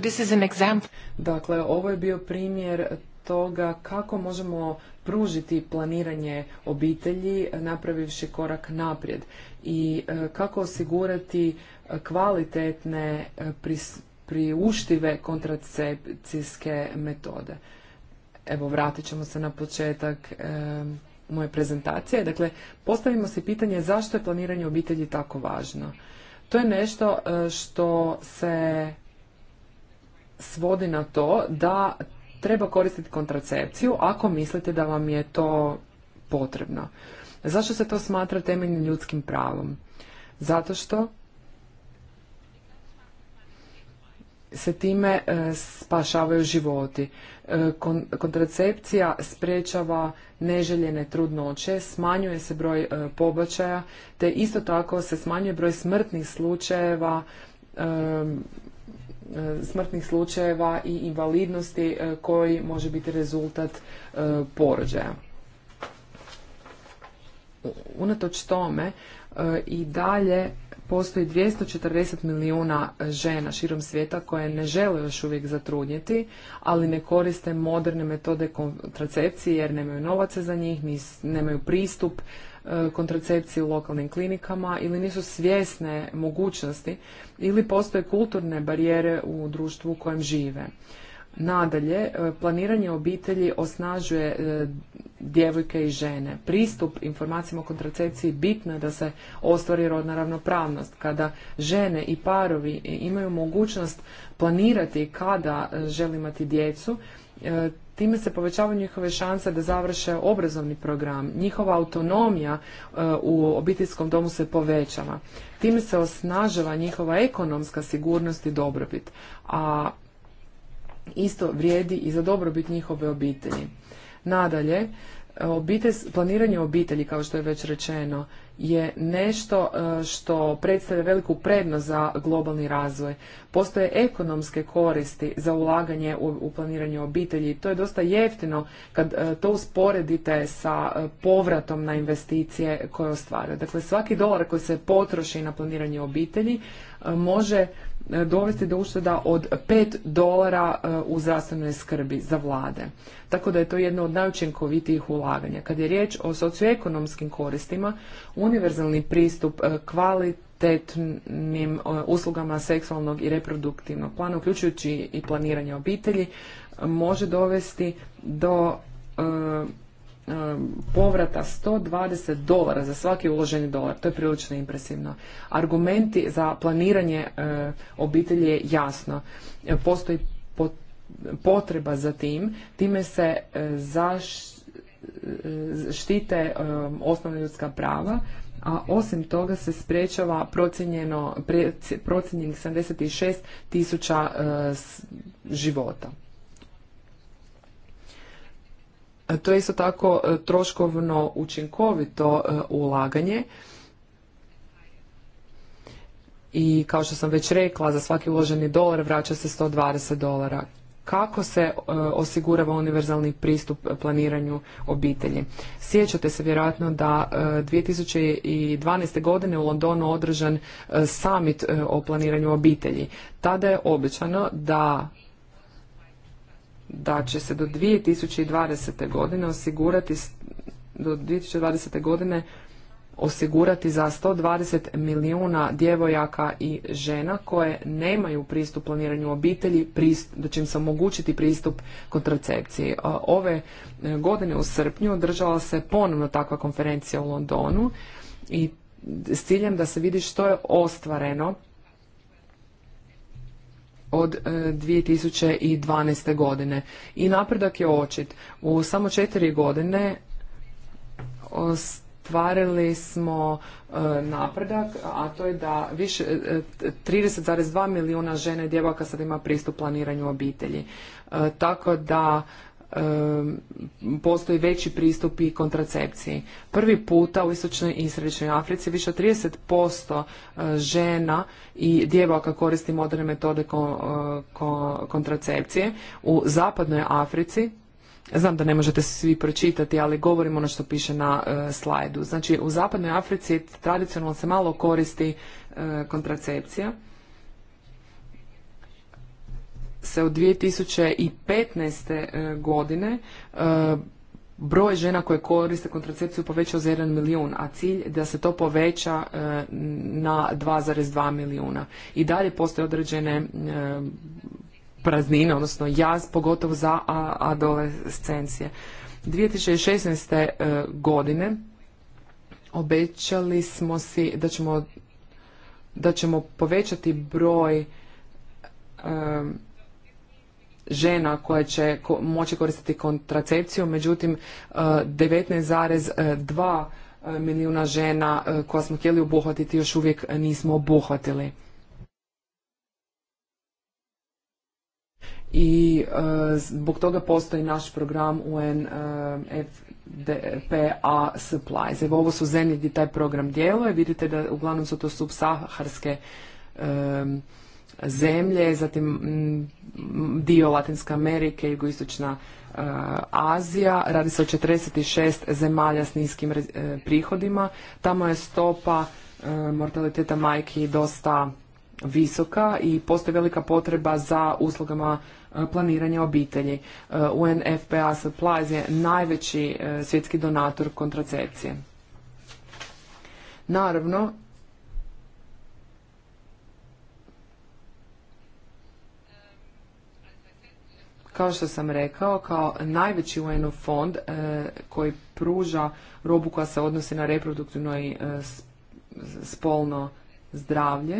B: this Dakle, ovo je bio primjer toga kako možemo pružiti planiranje obitelji napravivši korak naprijed i e, kako osigurati kvalitetne e, priuštive kontracepcijske metode. Evo, vratit ćemo se na početak e, moje prezentacije. Dakle, postavimo se pitanje zašto je planiranje obitelji tako važno. To je nešto što se svodi na to da treba koristiti kontracepciju ako mislite da vam je to potrebno. Zašto se to smatra temeljnim ljudskim pravom? Zato što se time e, spašavaju životi. E, kontracepcija sprečava neželjene trudnoće, smanjuje se broj e, pobačaja, te isto tako se smanjuje broj smrtnih slučajeva E, smrtnih slučajeva i invalidnosti e, koji može biti rezultat e, porođaja. Unatoč tome i dalje postoji 240 milijuna žena širom svijeta koje ne žele još uvijek zatrudnjeti, ali ne koriste moderne metode kontracepcije jer nemaju novaca za njih, nemaju pristup E, kontracepciji u lokalnim klinikama ili nisu svjesne mogućnosti ili postoje kulturne barijere u društvu u kojem žive. Nadalje, e, planiranje obitelji osnažuje e, djevojke i žene. Pristup informacijama o kontracepciji bitno je da se ostvari rodna ravnopravnost. Kada žene i parovi imaju mogućnost planirati kada e, žele imati djecu, time se povećavaju njihove šanse da završe obrazovni program. Njihova autonomija u obiteljskom domu se povećava. Time se osnažava njihova ekonomska sigurnost i dobrobit. A isto vrijedi i za dobrobit njihove obitelji. Nadalje, obitelj, planiranje obitelji, kao što je već rečeno, je nešto e, što predstavlja veliku prednost za globalni razvoj. Postoje ekonomske koristi za ulaganje u, planiranje obitelji. To je dosta jeftino kad e, to usporedite sa e, povratom na investicije koje ostvaruje. Dakle, svaki dolar koji se potroši na planiranje obitelji može e, dovesti do ušteda od 5 dolara e, u zdravstvenoj skrbi za vlade. Tako da je to jedno od najučinkovitijih ulaganja. Kad je riječ o socioekonomskim koristima, univerzalni pristup e, kvalitetnim uslugama seksualnog i reproduktivnog plana, uključujući i planiranje obitelji, može dovesti do povrata 120 dolara za svaki uloženi dolar. To je prilično impresivno. Argumenti za planiranje e, obitelji je jasno. E, postoji potreba za tim. Time se e, štite osnovna ljudska prava, a osim toga se sprečava procijenjeno, procijenjenih 76 tisuća života. To je isto tako e, troškovno učinkovito e, ulaganje. I kao što sam već rekla, za svaki uloženi dolar vraća se 120 dolara. Kako se e, osigurava univerzalni pristup planiranju obitelji? Sjećate se vjerojatno da 2012. godine u Londonu održan summit o planiranju obitelji. Tada je običano da da će se do 2020. godine osigurati do 2020. godine osigurati za 120 milijuna djevojaka i žena koje nemaju pristup planiranju obitelji, da će im se omogućiti pristup kontracepciji. Ove e, godine u srpnju održala se ponovno takva konferencija u Londonu i s ciljem da se vidi što je ostvareno od 2012. E, godine. I napredak je očit. U samo četiri godine ostvarili smo e, napredak, a to je da više 30,2 e, milijuna žene i djevojaka sad ima pristup planiranju obitelji. Tako da postoji veći pristup i kontracepciji. Prvi puta u Istočnoj i Središnjoj Africi više od 30% e, žena i djevojaka koristi moderne metode e, kontracepcije. U Zapadnoj Africi Znam da ne možete svi pročitati, ali govorim ono što piše na e, slajdu. Znači, u Zapadnoj Africi tradicionalno se malo koristi kontracepcija se od 2015. E, godine e, broj žena koje koriste kontracepciju povećao za 1 milijun, a cilj da se to poveća e, na 2,2 milijuna. I dalje postoje određene praznine, odnosno jaz, pogotovo za adolescencije. 2016. godine obećali smo si da ćemo, da ćemo povećati broj žena koje će moći koristiti kontracepciju, međutim 19,2 e, e, milijuna žena e, koja smo htjeli obuhvatiti još uvijek nismo obuhvatili. I zbog toga postoji naš program UNFPA Supplies. Evo ovo su zemlje gdje taj program djeluje. Vidite da uglavnom su to subsaharske zemlje, zatim mm, dio Latinske Amerike, jugoistočna e, Azija, radi se o 46 zemalja s niskim e, prihodima. Tamo je stopa e, mortaliteta majki dosta visoka i postoji velika potreba za uslugama planiranja obitelji. UNFPA Supplies je najveći svjetski donator kontracepcije. Naravno, Kao što sam rekao, kao najveći UN fond e, koji pruža robu koja se odnosi na reproduktivno i e, spolno zdravlje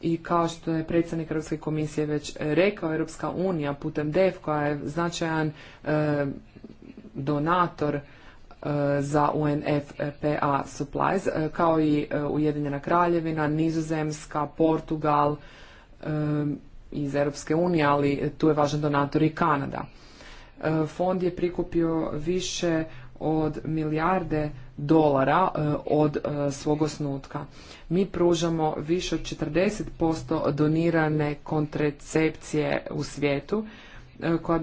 B: i kao što je predsjednik Europske komisije već rekao, Europska unija putem DEF koja je značajan e, donator za UNFPA supplies, kao i Ujedinjena kraljevina, Nizozemska, Portugal, iz Europske unije, ali tu je važan donator i Kanada. E, fond je prikupio više od milijarde dolara e, od e, svog osnutka. Mi pružamo više od 40% donirane kontracepcije u svijetu E, koja e,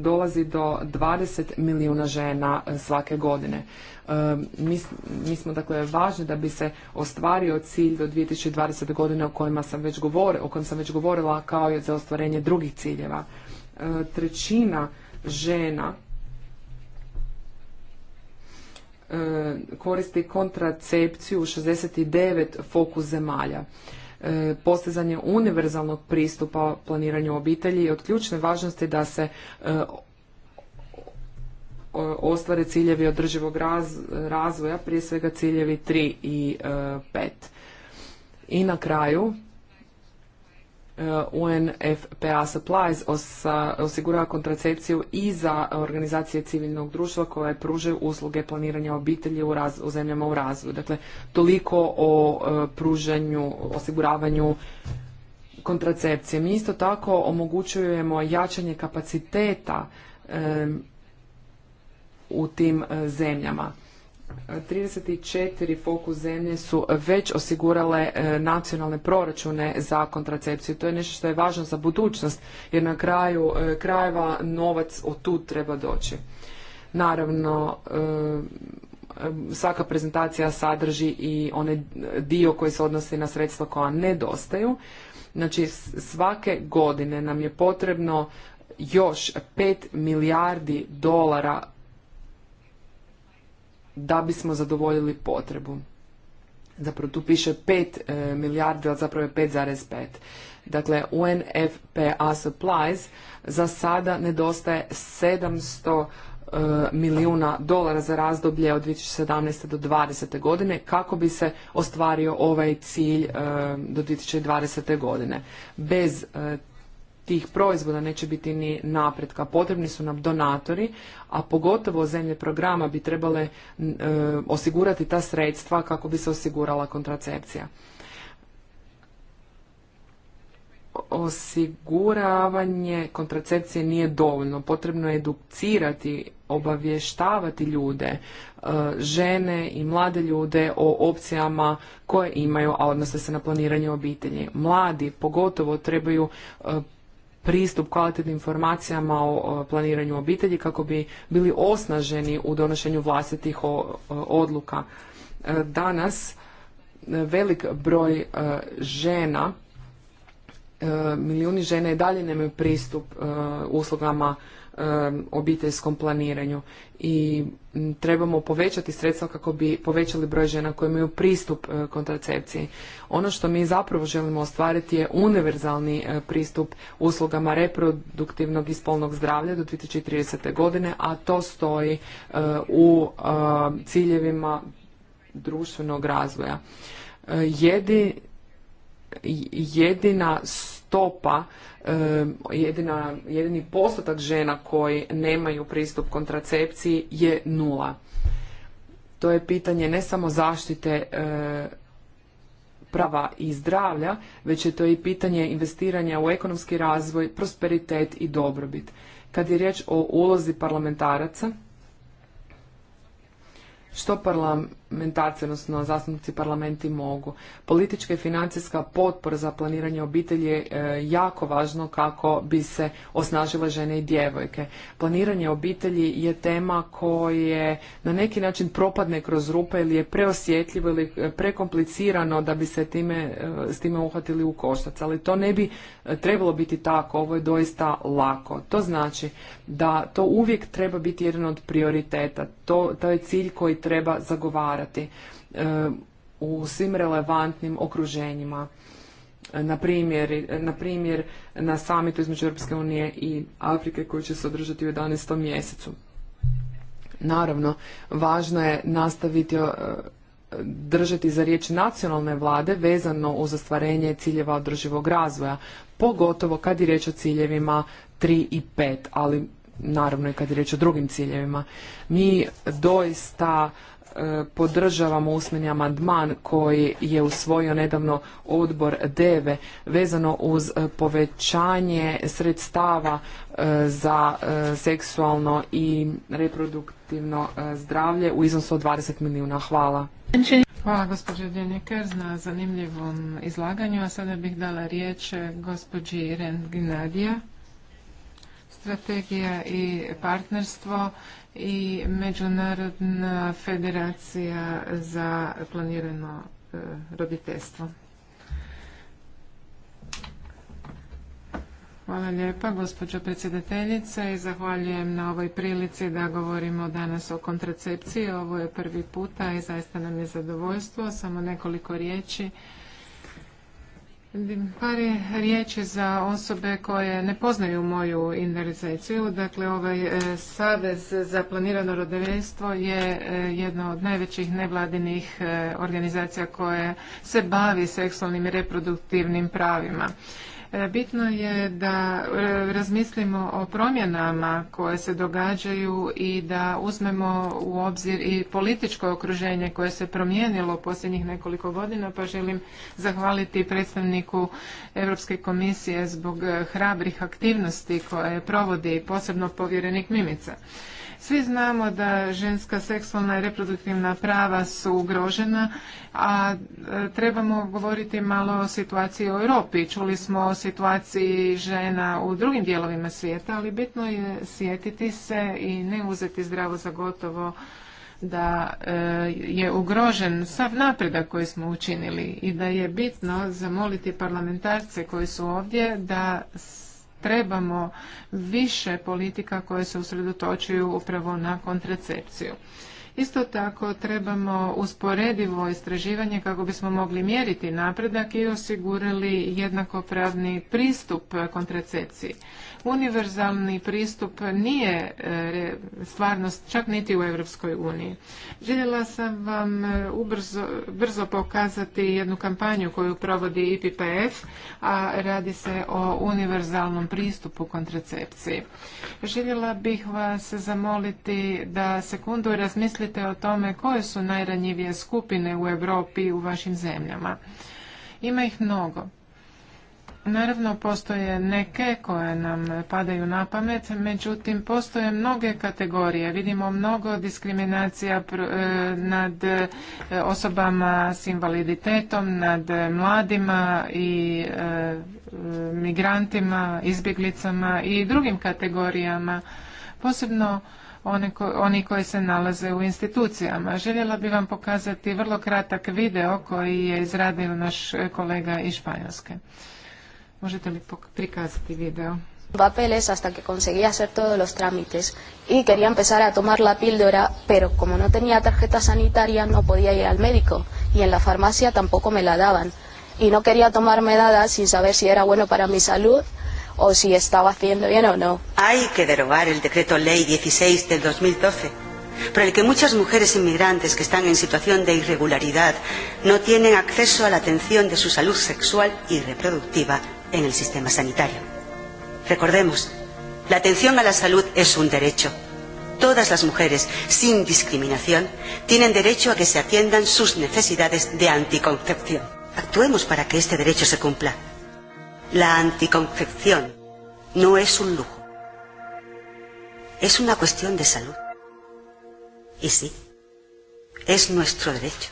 B: dolazi do 20 milijuna žena e, svake godine. Mi, smo dakle važni da bi se ostvario cilj do 2020. godine o, kojima sam već govorila, o kojem sam već govorila kao i za ostvarenje drugih ciljeva. Trećina žena koristi kontracepciju u 69 fokus zemalja. E, postizanje univerzalnog pristupa planiranju obitelji i od ključne važnosti da se e, ostvare ciljevi održivog razvoja, prije svega ciljevi 3 i 5. E, I na kraju, Eh, UNFPA Supplies osigurava kontracepciju i za organizacije civilnog društva koje pružaju usluge planiranja obitelji u, zemljama u razvoju. Dakle, toliko o eh, pružanju, osiguravanju kontracepcije. Mi isto tako omogućujemo jačanje kapaciteta eh, u tim zemljama 34 fokus zemlje su već osigurale e, nacionalne proračune za kontracepciju. To je nešto što je važno za budućnost jer na kraju e, krajeva novac od tu treba doći. Naravno, e, svaka prezentacija sadrži i onaj dio koji se odnosi na sredstva koja nedostaju. Znači, svake godine nam je potrebno još 5 milijardi dolara da bismo zadovoljili potrebu. Zapravo tu piše 5 e, milijardi, ali zapravo je 5,5. Dakle, UNFPA Supplies za sada nedostaje 700 e, milijuna dolara za razdoblje od 2017. do 2020. godine kako bi se ostvario ovaj cilj e, do 2020. godine. Bez tih proizvoda neće biti ni napretka. Potrebni su nam donatori, a pogotovo zemlje programa bi trebale e, osigurati ta sredstva kako bi se osigurala kontracepcija. Osiguravanje kontracepcije nije dovoljno. Potrebno je educirati, obavještavati ljude, e, žene i mlade ljude o opcijama koje imaju, a odnose se na planiranje obitelji. Mladi pogotovo trebaju e, pristup kvalitetnim informacijama o planiranju obitelji kako bi bili osnaženi u donošenju vlastitih odluka. E, danas e, velik broj e, žena, milijuni žene i dalje nemaju pristup uslugama Um, obiteljskom planiranju i trebamo povećati sredstva kako bi povećali broj žena koje imaju pristup uh, kontracepciji. Ono što mi zapravo želimo ostvariti je univerzalni uh, pristup uslugama reproduktivnog i spolnog zdravlja do 2030. godine, a to stoji uh, u ciljevima društvenog razvoja. Jedina jedina stopa, jedina, jedini postotak žena koji nemaju pristup kontracepciji je nula. To je pitanje ne samo zaštite eh, prava i zdravlja, već je to i pitanje investiranja u ekonomski razvoj, prosperitet i dobrobit. Kad je riječ o ulozi parlamentaraca, što parlam, parlamentarci, odnosno zastupnici parlamenti mogu. Politička i financijska potpora za planiranje obitelji je e, jako važno kako bi se osnažile žene i djevojke. Planiranje obitelji je tema koje na neki način propadne kroz rupe ili je preosjetljivo ili e, prekomplicirano da bi se time, e, s time uhvatili u koštac. Ali to ne bi trebalo biti tako, ovo je doista lako. To znači da to uvijek treba biti jedan od prioriteta. To, to je cilj koji treba zagovarati E, u svim relevantnim okruženjima. Na primjer, na primjer samitu između Europske unije i Afrike koji će se održati u 11. mjesecu. Naravno, važno je nastaviti e, držati za riječ nacionalne vlade vezano uz ostvarenje ciljeva održivog razvoja, pogotovo kad je riječ o ciljevima 3 i 5, ali naravno i kad je riječ o drugim ciljevima. Mi doista podržavamo usmeni amandman koji je usvojio nedavno odbor DEVE vezano uz e, povećanje sredstava e, za e, seksualno i reproduktivno zdravlje u iznosu od 20 milijuna. Hvala.
A: Hvala gospođo Djenjeker na zanimljivom izlaganju, a sada bih dala riječ gospođi Ren Gnadija strategija i partnerstvo i Međunarodna federacija za planirano e, roditeljstvo. Hvala lijepa, gospođo predsjedateljice, i zahvaljujem na ovoj prilici da govorimo danas o kontracepciji. Ovo je prvi puta i zaista nam je zadovoljstvo. Samo nekoliko riječi Par je riječi za osobe koje ne poznaju moju inverizaciju. Dakle, ovaj e, Savez za planirano roditeljstvo je e, jedna od najvećih nevladinih e, organizacija koja se bavi seksualnim i reproduktivnim pravima. E, bitno je da e, razmislimo o promjenama koje se događaju i da uzmemo u obzir i političko okruženje koje se promijenilo posljednjih nekoliko godina, pa želim zahvaliti predstavniku Europske komisije zbog e, hrabrih aktivnosti koje provodi posebno povjerenik Mimica. Svi znamo da ženska seksualna i reproduktivna prava su ugrožena, a e, trebamo govoriti malo o situaciji u Europi. Čuli smo o situaciji žena u drugim dijelovima svijeta, ali bitno je sjetiti se i ne uzeti zdravo za gotovo da e, je ugrožen sav napredak koji smo učinili i da je bitno zamoliti parlamentarce koji su ovdje da trebamo više politika koje se usredotočuju upravo na kontracepciju. Isto tako trebamo usporedivo istraživanje kako bismo mogli mjeriti napredak i osigurali jednakopravni pristup kontracepciji univerzalni pristup nije e, stvarnost čak niti u Europskoj uniji. Željela sam vam e, brzo pokazati jednu kampanju koju provodi IPPF, a radi se o univerzalnom pristupu kontracepciji. Željela bih vas zamoliti da sekundu razmislite o tome koje su najranjivije skupine u Europi u vašim zemljama. Ima ih mnogo. Naravno, postoje neke koje nam padaju na pamet, međutim, postoje mnoge kategorije. Vidimo mnogo diskriminacija e, nad e, osobama s invaliditetom, nad mladima i e, migrantima, izbjeglicama i drugim kategorijama, posebno oni koji se nalaze u institucijama. Željela bi vam pokazati vrlo kratak video koji je izradio naš kolega iz Španjolske. Možete li prikazati video?
D: papeles hasta que conseguía hacer
B: todos los trámites y quería empezar a tomar la píldora, pero como no tenía tarjeta sanitaria no podía ir al médico y en la farmacia tampoco me la daban y no quería tomarme nada sin saber si era bueno para mi salud o si estaba haciendo bien o no.
C: Hay que derogar el decreto ley 16 del 2012 por el que muchas mujeres inmigrantes que están en situación de irregularidad no tienen acceso a la atención de su salud sexual y reproductiva en el sistema sanitario. Recordemos, la atención a la salud es un derecho. Todas las mujeres, sin discriminación, tienen derecho a que se atiendan sus necesidades de anticoncepción. Actuemos para que este derecho se cumpla. La anticoncepción no es un lujo. Es una cuestión de salud. Y sí, es
D: nuestro derecho.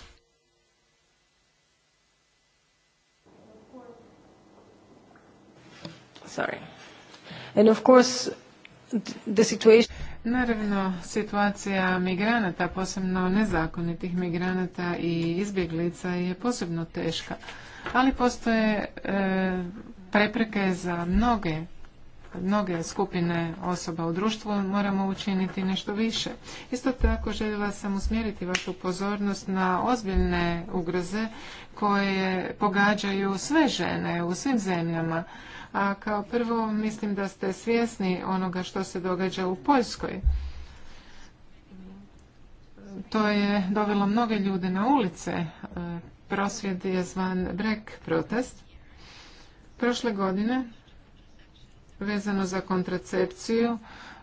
D: Sorry. And of course,
A: Naravno, situacija migranata, posebno nezakonitih migranata i izbjeglica je posebno teška, ali postoje e, prepreke za mnoge mnoge skupine osoba u društvu moramo učiniti nešto više. Isto tako željela sam usmjeriti vašu pozornost na ozbiljne ugroze koje pogađaju sve žene u svim zemljama a kao prvo mislim da ste svjesni onoga što se događa u Poljskoj. To je dovelo mnoge ljude na ulice. E, prosvjed je zvan Brek protest. Prošle godine, vezano za kontracepciju,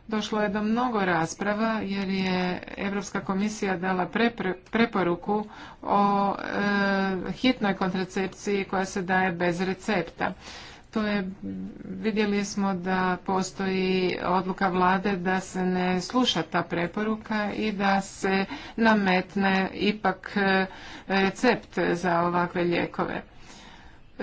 A: došlo je do mnogo rasprava jer je Europska komisija dala preporuku o e, hitnoj kontracepciji koja se daje bez recepta. To je, vidjeli smo da postoji odluka vlade da se ne sluša ta preporuka i da se nametne ipak e, recept za ovakve lijekove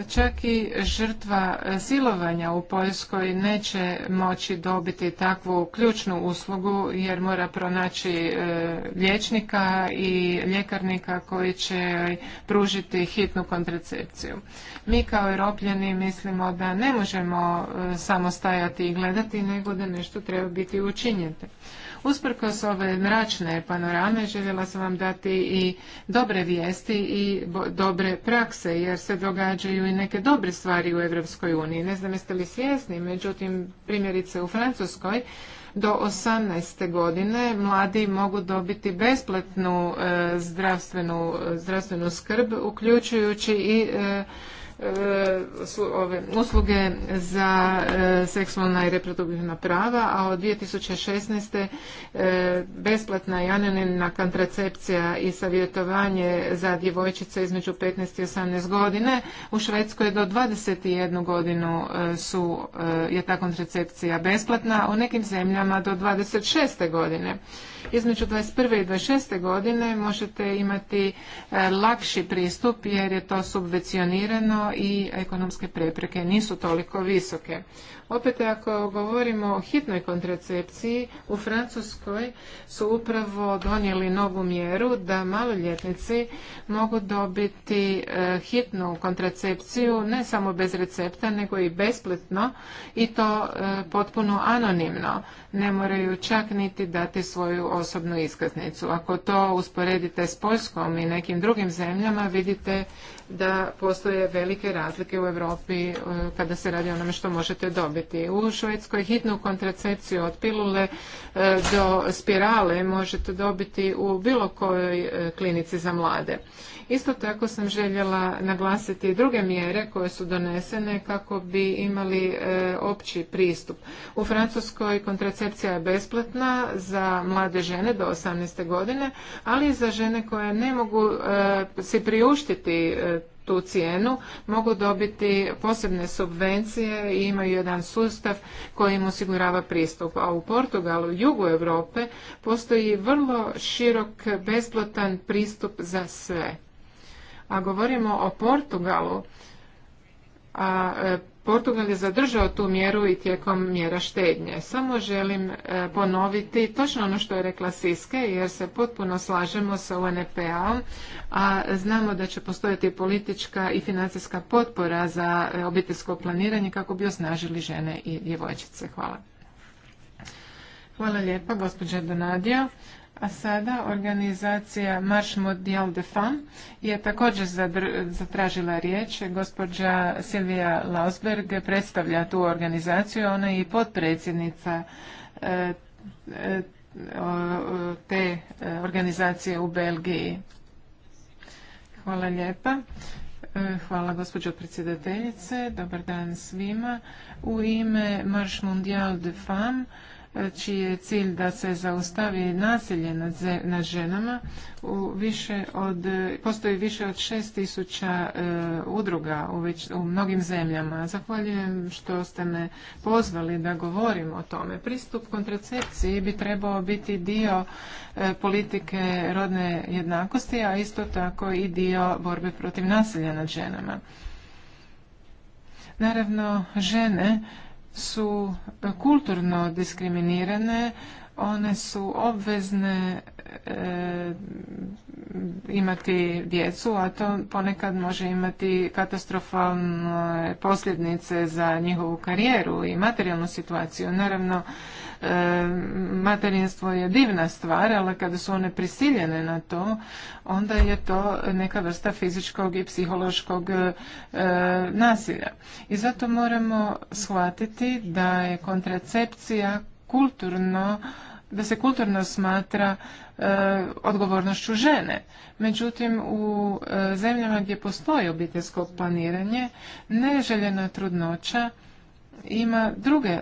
A: čak i žrtva silovanja u Poljskoj neće moći dobiti takvu ključnu uslugu jer mora pronaći e, liječnika i ljekarnika koji će pružiti hitnu kontracepciju. Mi kao europljani mislimo da ne možemo e, samo stajati i gledati nego da nešto treba biti učinjeno. Usprkos ove mračne panorame željela sam vam dati i dobre vijesti i dobre prakse jer se događaju i neke dobre stvari u Europskoj uniji. Ne znam jeste li svjesni, međutim primjerice u Francuskoj do 18. godine mladi mogu dobiti besplatnu e, zdravstvenu, e, zdravstvenu skrb uključujući i e, E, su usluge za e, seksualna i reproduktivna prava, a od 2016. E, besplatna i anonimna kontracepcija i savjetovanje za djevojčice između 15 i 18 godine. U Švedskoj do 21 godinu su, je ta kontracepcija besplatna, u nekim zemljama do 26. godine. Između 21. i 26. godine možete imati lakši pristup jer je to subvencionirano i ekonomske prepreke nisu toliko visoke. Opet ako govorimo o hitnoj kontracepciji, u Francuskoj su upravo donijeli novu mjeru da maloljetnici mogu dobiti e, hitnu kontracepciju ne samo bez recepta nego i besplatno i to e, potpuno anonimno. Ne moraju čak niti dati svoju osobnu iskaznicu. Ako to usporedite s Poljskom i nekim drugim zemljama vidite da postoje velike razlike u Europi e, kada se radi o onome što možete dobiti dobiti. U Švedskoj hitnu kontracepciju od pilule e, do spirale možete dobiti u bilo kojoj e, klinici za mlade. Isto tako sam željela naglasiti druge mjere koje su donesene kako bi imali e, opći pristup. U Francuskoj kontracepcija je besplatna za mlade žene do 18. godine, ali i za žene koje ne mogu si priuštiti tu cijenu, mogu dobiti posebne subvencije i imaju jedan sustav koji im osigurava pristup. A u Portugalu, jugu Europe, postoji vrlo širok, besplatan pristup za sve. A govorimo o Portugalu, a Portugal je zadržao tu mjeru i tijekom mjera štednje. Samo želim e, ponoviti točno ono što je rekla Siske, jer se potpuno slažemo sa UNPA-om, a znamo da će postojati politička i financijska potpora za e, obiteljsko planiranje kako bi osnažili žene i djevojčice. Hvala. Hvala lijepa, gospođa Donadio. A sada organizacija Marš Mondial de Fam je također zatražila riječ. Gospođa Silvija Lausberg predstavlja tu organizaciju. Ona je i potpredsjednica e, e, te e, organizacije u Belgiji. Hvala lijepa. Hvala gospođo predsjedateljice. Dobar dan svima. U ime Marš Mondial de Femme čiji je cilj da se zaustavi nasilje nad, ženama. U više od, postoji više od šest tisuća e, udruga u, mnogim zemljama. Zahvaljujem što ste me pozvali da govorim o tome. Pristup kontracepciji bi trebao biti dio e, politike rodne jednakosti, a isto tako i dio borbe protiv nasilja nad ženama. Naravno, žene su kulturno diskriminirane, one su obvezne e, imati djecu, a to ponekad može imati katastrofalne posljedice za njihovu karijeru i materijalnu situaciju. Naravno, E, materinstvo je divna stvar, ali kada su one prisiljene na to, onda je to neka vrsta fizičkog i psihološkog e, nasilja. I zato moramo shvatiti da je kontracepcija kulturno da se kulturno smatra e, odgovornošću žene. Međutim, u zemljama gdje postoji obiteljsko planiranje, neželjena trudnoća ima druge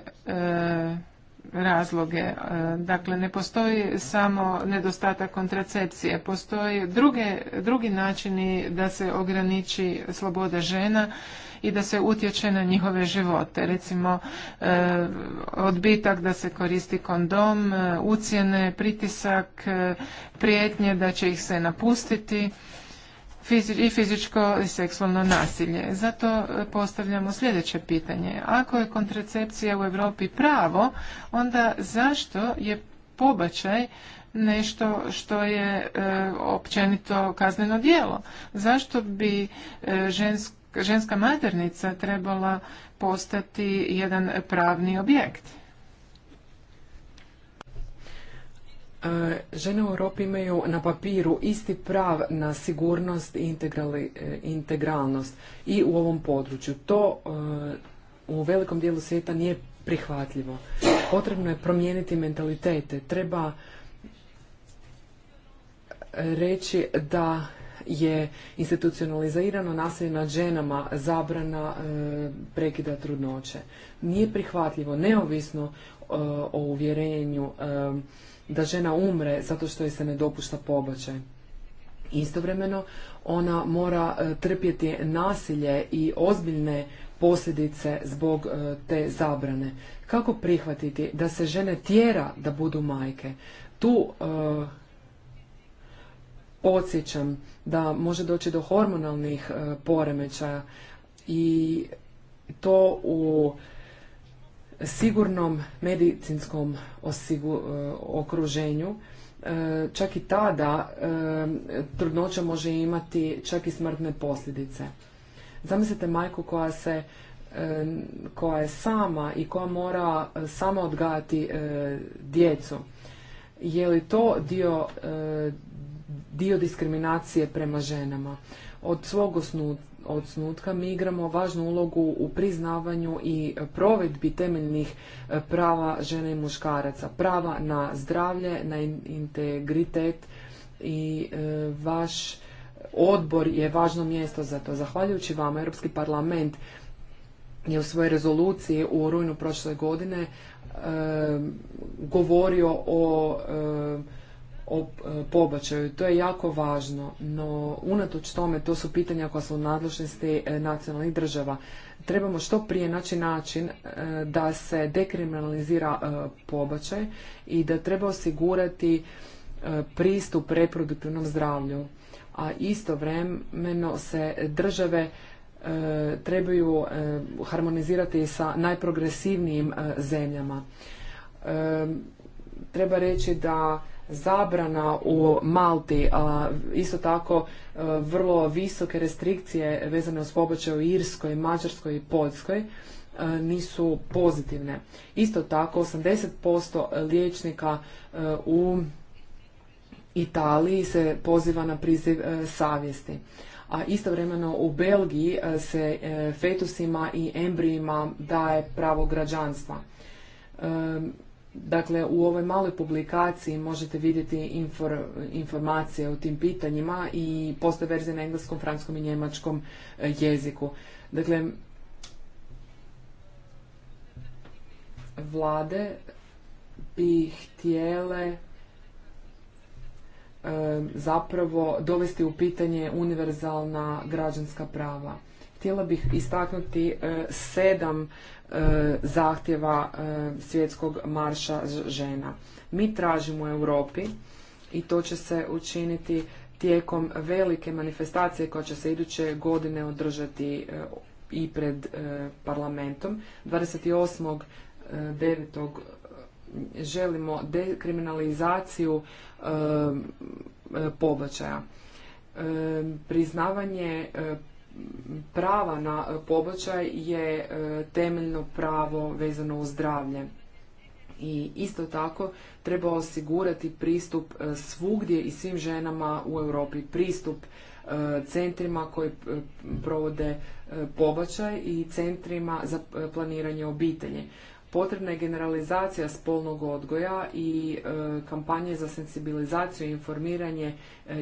A: razloge. E, dakle, ne postoji samo nedostatak kontracepcije, postoji druge, drugi načini da se ograniči sloboda žena i da se utječe na njihove živote. Recimo, e, odbitak da se koristi kondom, e, ucjene, pritisak, prijetnje da će ih se napustiti i fizičko i seksualno nasilje. Zato e, postavljamo sljedeće pitanje. Ako je kontracepcija u Europi pravo, onda zašto je pobačaj nešto što je e, općenito kazneno djelo? Zašto bi e, ženska maternica trebala postati jedan pravni objekt?
B: E, žene u Europi imaju na papiru isti prav na sigurnost i e, integralnost i u ovom području. To e, u velikom dijelu svijeta nije prihvatljivo. Potrebno je promijeniti mentalitete. Treba reći da je institucionalizirano nasilje nad ženama, zabrana prekida trudnoće. Nije prihvatljivo, neovisno o uvjerenju, da žena umre zato što joj se ne dopušta pobačaj. Istovremeno ona mora e, trpjeti nasilje i ozbiljne posljedice zbog e, te zabrane. Kako prihvatiti da se žene tjera da budu majke? Tu e, podsjećam da može doći do hormonalnih poremećaja i to u sigurnom medicinskom e, okruženju, e, čak i tada e, trudnoća može imati čak i smrtne posljedice. Zamislite majku koja se koja je sama i koja mora sama odgajati djecu. Je li to dio, dio diskriminacije prema ženama? Od svog osnutka mi igramo važnu ulogu u priznavanju i provedbi temeljnih e, prava žene i muškaraca, prava na zdravlje, na integritet i e, vaš odbor je važno mjesto za to. Zahvaljujući vama, Europski parlament je u svojoj rezoluciji u rujnu prošle godine e, govorio o o e, pobačaju. To je jako važno, no unatoč tome to su pitanja koja su u nadležnosti e, nacionalnih država. Trebamo što prije naći način e, da se dekriminalizira pobačaj i da treba osigurati pristup reproduktivnom zdravlju. A istovremeno se države trebaju harmonizirati sa najprogresivnijim zemljama. Treba reći da zabrana u Malti, a isto tako e, vrlo visoke restrikcije vezane uz pobačaj u Irskoj, Mađarskoj i Poljskoj e, nisu pozitivne. Isto tako 80% liječnika e, u Italiji se poziva na priziv savjesti. A istovremeno u Belgiji se fetusima i embrijima daje pravo građanstva. Dakle, u ovoj maloj publikaciji možete vidjeti informacije o tim pitanjima i postoje verzije na engleskom, franskom i njemačkom e, jeziku. Dakle, vlade bi htjele e, zapravo dovesti u pitanje univerzalna građanska prava. Htjela bih istaknuti e, sedam e, zahtjeva e, svjetskog marša žena. Mi tražimo u Europi i to će se učiniti tijekom velike manifestacije koja će se iduće godine održati i pred parlamentom. 28.9. želimo dekriminalizaciju pobačaja. Priznavanje prava na pobačaj je e, temeljno pravo vezano uz zdravlje. I isto tako treba osigurati pristup e, svugdje i svim ženama u Europi pristup e, centrima koji provode pobačaj i centrima za planiranje obitelji. Potrebna je generalizacija spolnog odgoja i e, kampanje za sensibilizaciju i informiranje e,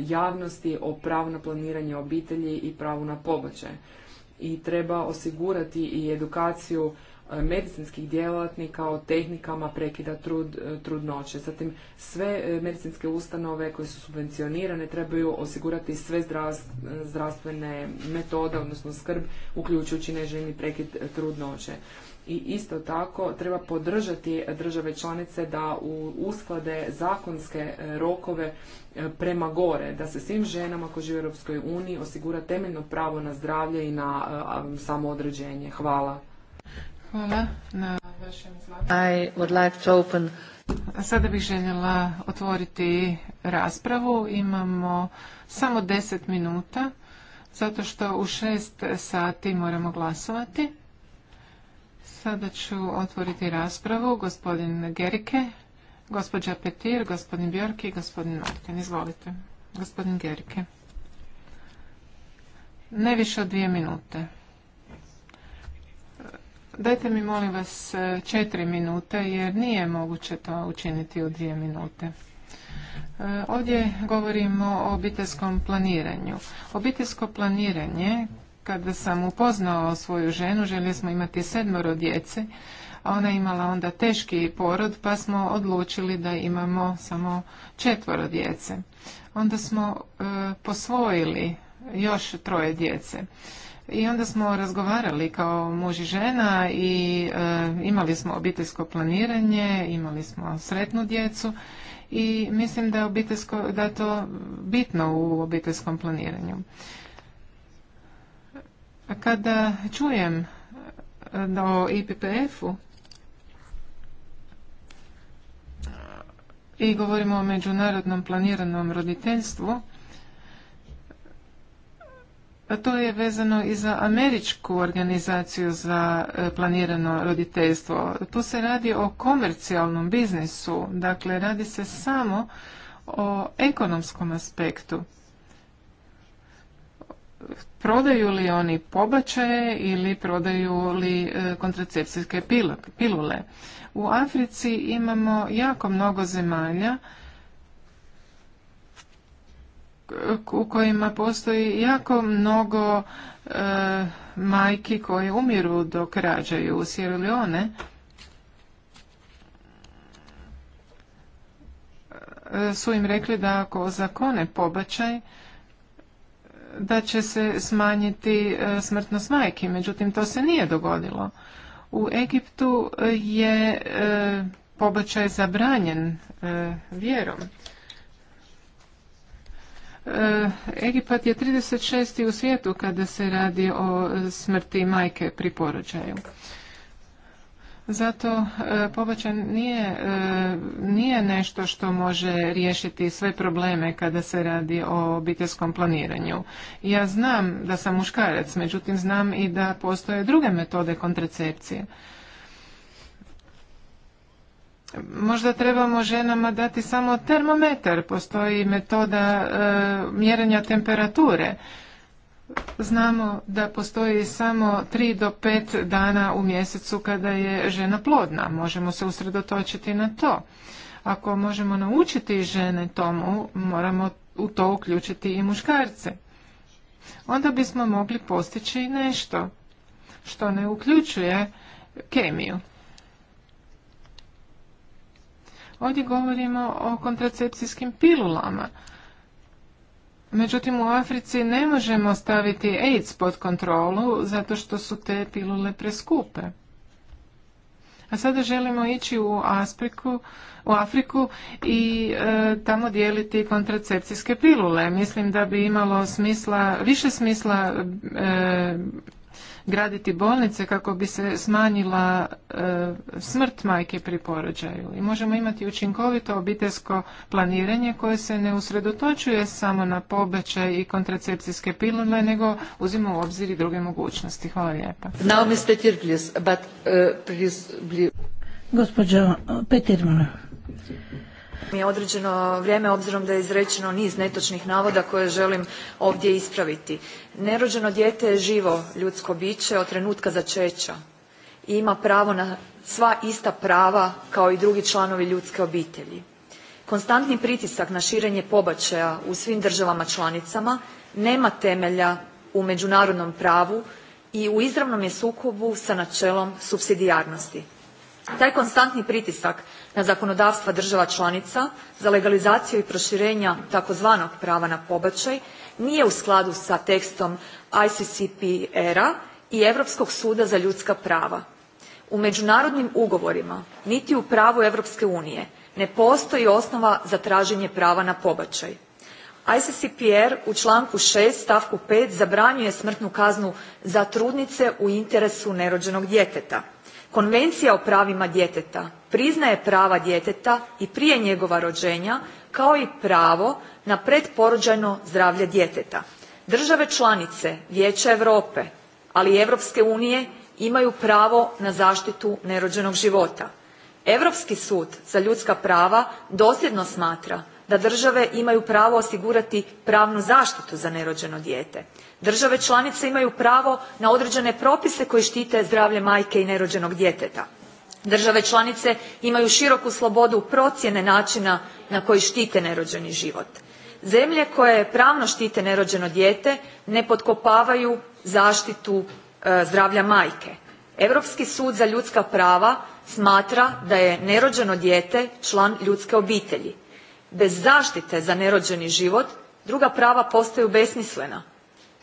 B: javnosti o pravu na planiranje obitelji i pravu na pobačaj. I treba osigurati i edukaciju e, medicinskih djelatnika o tehnikama prekida trudnoće. Zatim sve medicinske ustanove koje su subvencionirane trebaju osigurati sve zdravstvene metode, odnosno skrb, uključujući neželjeni prekid trudnoće i isto tako treba podržati države članice da usklade zakonske e, rokove e, prema gore, da se svim ženama koje žive u Europskoj uniji osigura temeljno pravo na zdravlje i na e, samoodređenje. Hvala.
A: Hvala na vašem sada bih željela otvoriti raspravu. Imamo samo deset minuta, zato što u šest sati moramo glasovati. Sada ću otvoriti raspravu. Gospodin Gerike, gospođa Petir, gospodin Bjorki i gospodin Martin. Izvolite. Gospodin Gerike. Ne više od dvije minute. Dajte mi molim vas četiri minute jer nije moguće to učiniti u dvije minute. Ovdje govorimo o obiteljskom planiranju. Obiteljsko planiranje kada sam upoznao svoju ženu, željeli smo imati sedmoro djece, a ona je imala onda teški porod, pa smo odlučili da imamo samo četvoro djece. Onda smo e, posvojili još troje djece. I onda smo razgovarali kao muž i žena i e, imali smo obiteljsko planiranje, imali smo sretnu djecu i mislim da je obiteljsko, da je to bitno u obiteljskom planiranju. Kada čujem e, o IPPF-u e, i govorimo o međunarodnom planiranom roditeljstvu, e, to je vezano i za američku organizaciju za planirano roditeljstvo. Tu se radi o komercijalnom biznisu, dakle radi se samo o ekonomskom aspektu prodaju li oni pobačaje ili prodaju li e, kontracepcijske pilule. U Africi imamo jako mnogo zemalja u kojima postoji jako mnogo e, majki koje umiru dok rađaju u Sierra Leone. E, su im rekli da ako zakone pobačaj da će se smanjiti e, smrtnost majki, međutim to se nije dogodilo. U Egiptu e, je e, pobačaj zabranjen vjerom. Egipat je 36. u svijetu kada se radi o smrti majke pri porođaju zato e, pobačaj nije, e, nije nešto što može riješiti sve probleme kada se radi o obiteljskom planiranju. Ja znam da sam muškarac, međutim znam i da postoje druge metode kontracepcije. Možda trebamo ženama dati samo termometar, postoji metoda e, mjerenja temperature znamo da postoji samo 3 do 5 dana u mjesecu kada je žena plodna. Možemo se usredotočiti na to. Ako možemo naučiti žene tomu, moramo u to uključiti i muškarce. Onda bismo mogli postići nešto što ne uključuje kemiju. Ovdje govorimo o kontracepcijskim pilulama. Međutim, u Africi ne možemo staviti AIDS pod kontrolu zato što su te pilule preskupe. A sada želimo ići u, Aspriku, u Afriku i e, tamo dijeliti kontracepcijske pilule. Mislim da bi imalo smisla, više smisla e, graditi bolnice kako bi se smanjila e, smrt majke pri porođaju. I možemo imati učinkovito obiteljsko planiranje koje se ne usredotočuje samo na pobačaj i kontracepcijske pilule, nego uzima u obzir i druge mogućnosti. Hvala lijepa
C: mi je određeno vrijeme obzirom da je izrečeno niz netočnih navoda koje želim ovdje ispraviti. Nerođeno dijete je živo ljudsko biće od trenutka začeća i ima pravo na sva ista prava kao i drugi članovi ljudske obitelji. Konstantni pritisak na širenje pobačaja u svim državama članicama nema temelja u međunarodnom pravu i u izravnom je sukobu sa načelom supsidijarnosti. Taj konstantni pritisak na zakonodavstva država članica za legalizaciju i proširenja tzv. prava na pobačaj nije u skladu sa tekstom ICCPR-a i Europskog suda za ljudska prava. U međunarodnim ugovorima niti u pravu Europske unije ne postoji osnova za traženje prava na pobačaj. ICCPR er u članku 6. stavku 5. zabranjuje smrtnu kaznu za trudnice u interesu nerođenog djeteta konvencija o pravima djeteta priznaje prava djeteta i prije njegova rođenja kao i pravo na pretporođajno zdravlje djeteta. države članice vijeća europe ali i europske unije imaju pravo na zaštitu nerođenog života. europski sud za ljudska prava dosljedno smatra da države imaju pravo osigurati pravnu zaštitu za nerođeno dijete. Države članice imaju pravo na određene propise koji štite zdravlje majke i nerođenog djeteta. Države članice imaju široku slobodu procjene načina na koji štite nerođeni život. Zemlje koje pravno štite nerođeno dijete ne potkopavaju zaštitu e, zdravlja majke. Europski sud za ljudska prava smatra da je nerođeno dijete član ljudske obitelji bez zaštite za nerođeni život druga prava postaju besmislena.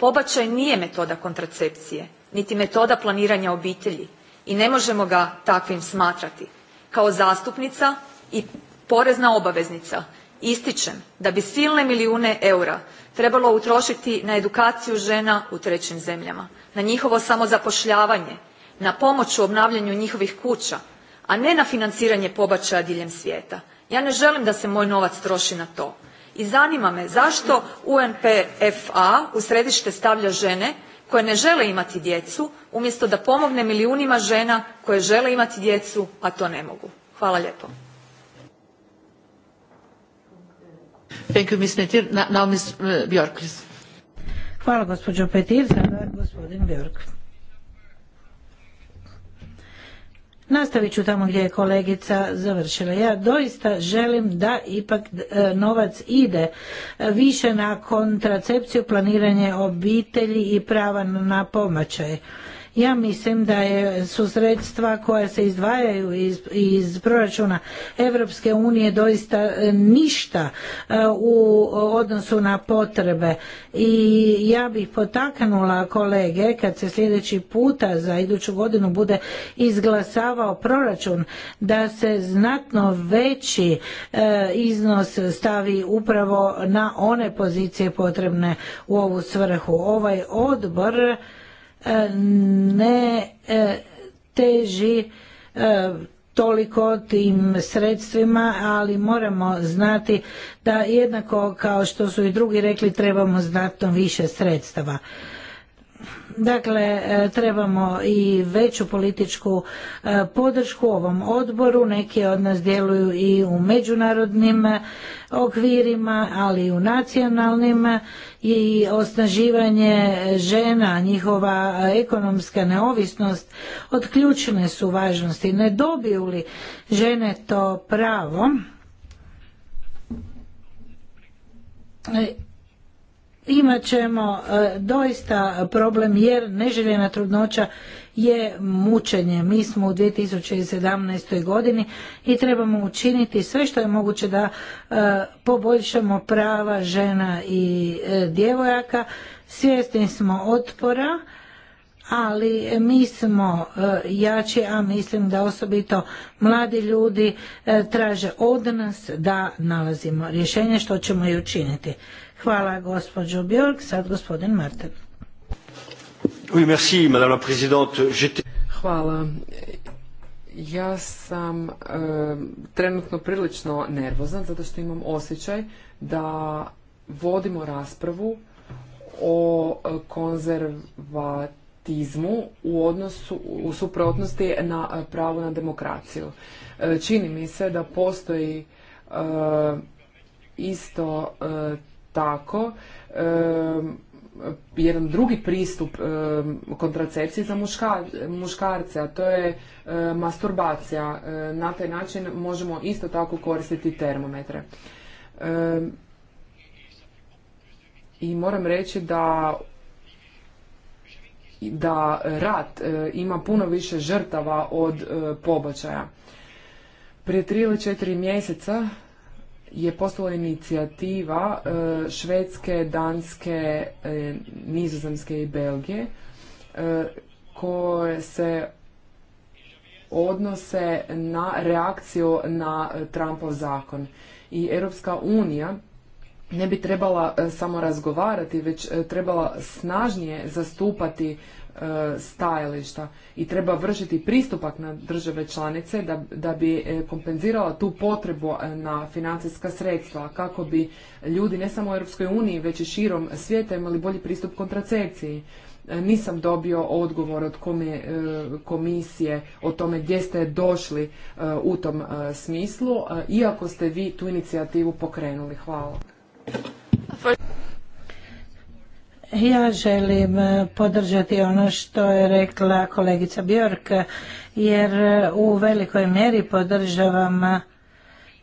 C: Pobačaj nije metoda kontracepcije, niti metoda planiranja obitelji i ne možemo ga takvim smatrati. Kao zastupnica i porezna obaveznica ističem da bi silne milijune eura trebalo utrošiti na edukaciju žena u trećim zemljama, na njihovo samozapošljavanje, na pomoć u obnavljanju njihovih kuća, a ne na financiranje pobačaja diljem svijeta ja ne želim da se moj novac troši na to i zanima me zašto unpfa u središte stavlja žene koje ne žele imati djecu umjesto da pomogne milijunima žena koje žele imati djecu a to ne mogu. hvala lijepo.
D: Uh, hvala gospođo Petir, gospodin Nastavit ću tamo gdje je kolegica završila. Ja doista želim da ipak e, novac ide e, više na kontracepciju, planiranje obitelji i prava na pomaćaj. Ja mislim da je, su sredstva koja se izdvajaju iz, proračuna Europske unije doista e, ništa e, u odnosu na potrebe i ja bih potaknula kolege kad se sljedeći puta za iduću godinu bude izglasavao proračun da se znatno veći e, iznos stavi upravo na one pozicije potrebne u ovu svrhu. Ovaj odbor E, ne e, teži e, toliko tim sredstvima, ali moramo znati da jednako kao što su i drugi rekli trebamo znatno više sredstava. Dakle, e, trebamo i veću političku e, podršku ovom odboru. Neki od nas djeluju i u međunarodnim e, okvirima, ali i u nacionalnim i osnaživanje žena, njihova ekonomska neovisnost od ključne su važnosti. Ne dobiju li žene to pravo, imat ćemo e, doista problem jer neželjena trudnoća je mučenje. Mi smo u 2017. godini i trebamo učiniti sve što je moguće da e, poboljšamo prava žena i e, djevojaka. Svjesni smo otpora, ali mi smo jači, a mislim da osobito mladi ljudi traže od nas da nalazimo rješenje što ćemo i učiniti. Hvala gospođo Bjork, sad gospodin Martin.
B: Hvala. Ja sam e, trenutno prilično nervozan zato što imam osjećaj da vodimo raspravu o konzervatizmu u odnosu u suprotnosti na pravo na demokraciju. E, čini mi se da postoji e, isto tako jedan drugi pristup kontracepciji za muškarce, a to je masturbacija. Na taj način možemo isto tako koristiti termometre. I moram reći da da rat e, ima puno više žrtava od e, pobačaja. Prije tri ili četiri mjeseca je postala inicijativa e, Švedske, Danske, e, Nizozemske i Belgije e, koje se odnose na reakciju na Trumpov zakon. I Europska unija ne bi trebala samo razgovarati, već trebala snažnije zastupati E, stajališta i treba vršiti pristupak na države članice da, da bi e, kompenzirala tu potrebu e, na financijska sredstva kako bi ljudi ne samo u Europskoj uniji već i širom svijeta imali bolji pristup kontracepciji. Nisam dobio odgovor od komisije o tome gdje ste došli u tom smislu, iako ste vi tu inicijativu pokrenuli. Hvala.
D: Ja želim e, podržati ono što je rekla kolegica Bjork, jer e, u velikoj mjeri podržavam e,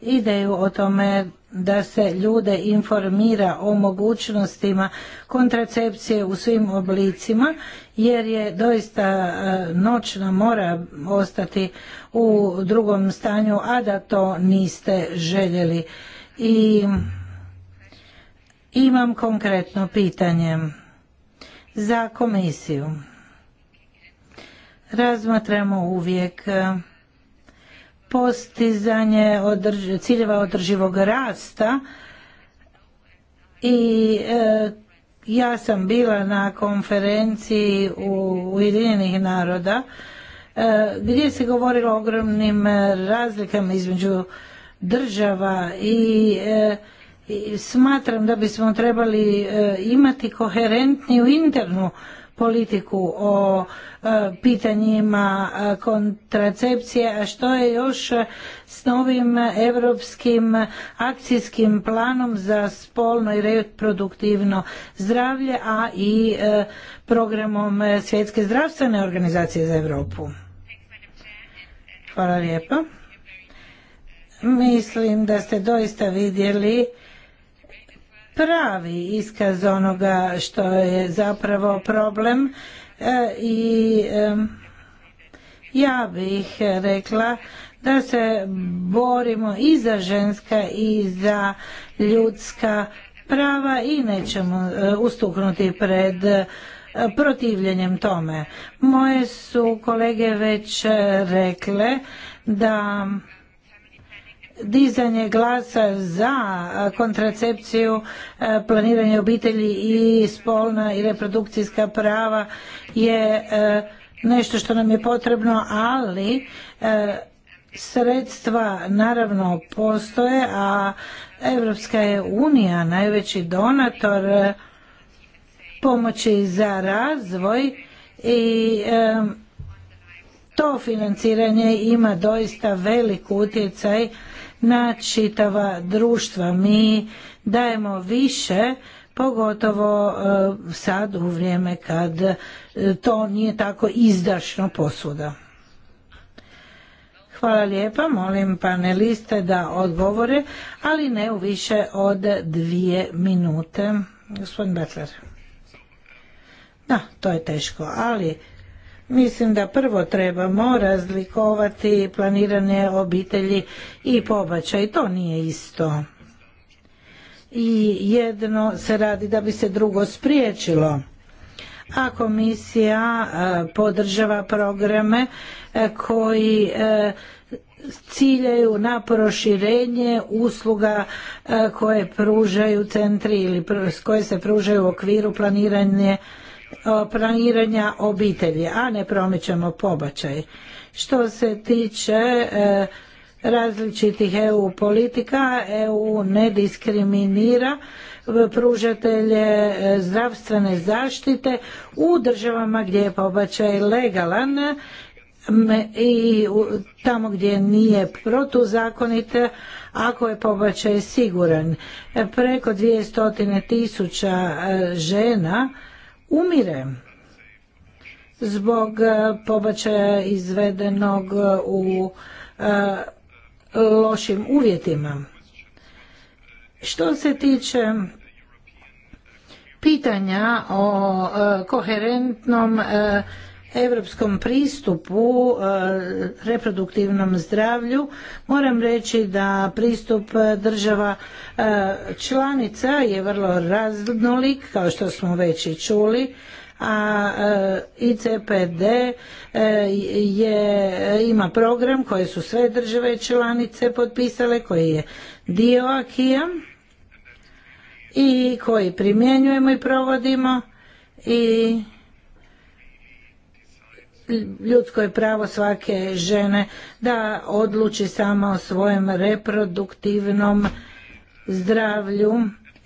D: ideju o tome da se ljude informira o mogućnostima kontracepcije u svim oblicima jer je doista noćna mora ostati u drugom stanju a da to niste željeli i imam konkretno pitanje za komisiju. Razmatramo uvijek e, postizanje ciljeva održivog rasta i e, ja sam bila na konferenciji u Ujedinjenih naroda e, gdje se govorilo o ogromnim razlikama između država i smatram da bismo trebali e, imati koherentniju internu politiku o e, pitanjima e, kontracepcije, a što je još s novim europskim akcijskim planom za spolno i reproduktivno zdravlje, a i programom Svjetske zdravstvene organizacije za Europu. Hvala lijepo. Mislim da ste doista vidjeli pravi iskaz onoga što je zapravo problem e, i ja bih rekla da se borimo i za ženska i za ljudska prava i nećemo e, ustuknuti pred e, protivljenjem tome. Moje su kolege već rekle da dizanje glasa za kontracepciju, planiranje obitelji i spolna i reprodukcijska prava je nešto što nam je potrebno, ali sredstva naravno postoje, a Evropska je unija najveći donator pomoći za razvoj i to financiranje ima doista velik utjecaj na čitava društva. Mi dajemo više pogotovo e, sad u vrijeme kad e, to nije tako izdašno posuda. Hvala lijepa, molim paneliste da odgovore, ali ne u više od dvije minute. Gospodin Betler. Da, to je teško, ali Mislim da prvo trebamo razlikovati planirane obitelji i pobačaj. To nije isto. I jedno se radi da bi se drugo spriječilo a komisija e, podržava programe e, koji e, ciljaju na proširenje usluga koje pružaju centri ili koje se pružaju u okviru planiranje planiranja obitelji, a ne promičemo pobačaj. Što se tiče e, različitih EU politika, EU ne diskriminira pružatelje e, zdravstvene zaštite u državama gdje je pobačaj legalan i tamo gdje nije protuzakonit, ako je pobačaj siguran. E, preko 200 tisuća žena umire zbog e, pobačaja izvedenog e, u e, lošim uvjetima. Što se tiče pitanja o koherentnom europskom pristupu e, reproduktivnom zdravlju moram reći da pristup država e, članica je vrlo raznolik kao što smo već i čuli a e, ICPD je, ima program koje su sve države članice potpisale koji je dio akija i koji primjenjujemo i provodimo i ljudsko je pravo svake žene da odluči sama o svojem reproduktivnom zdravlju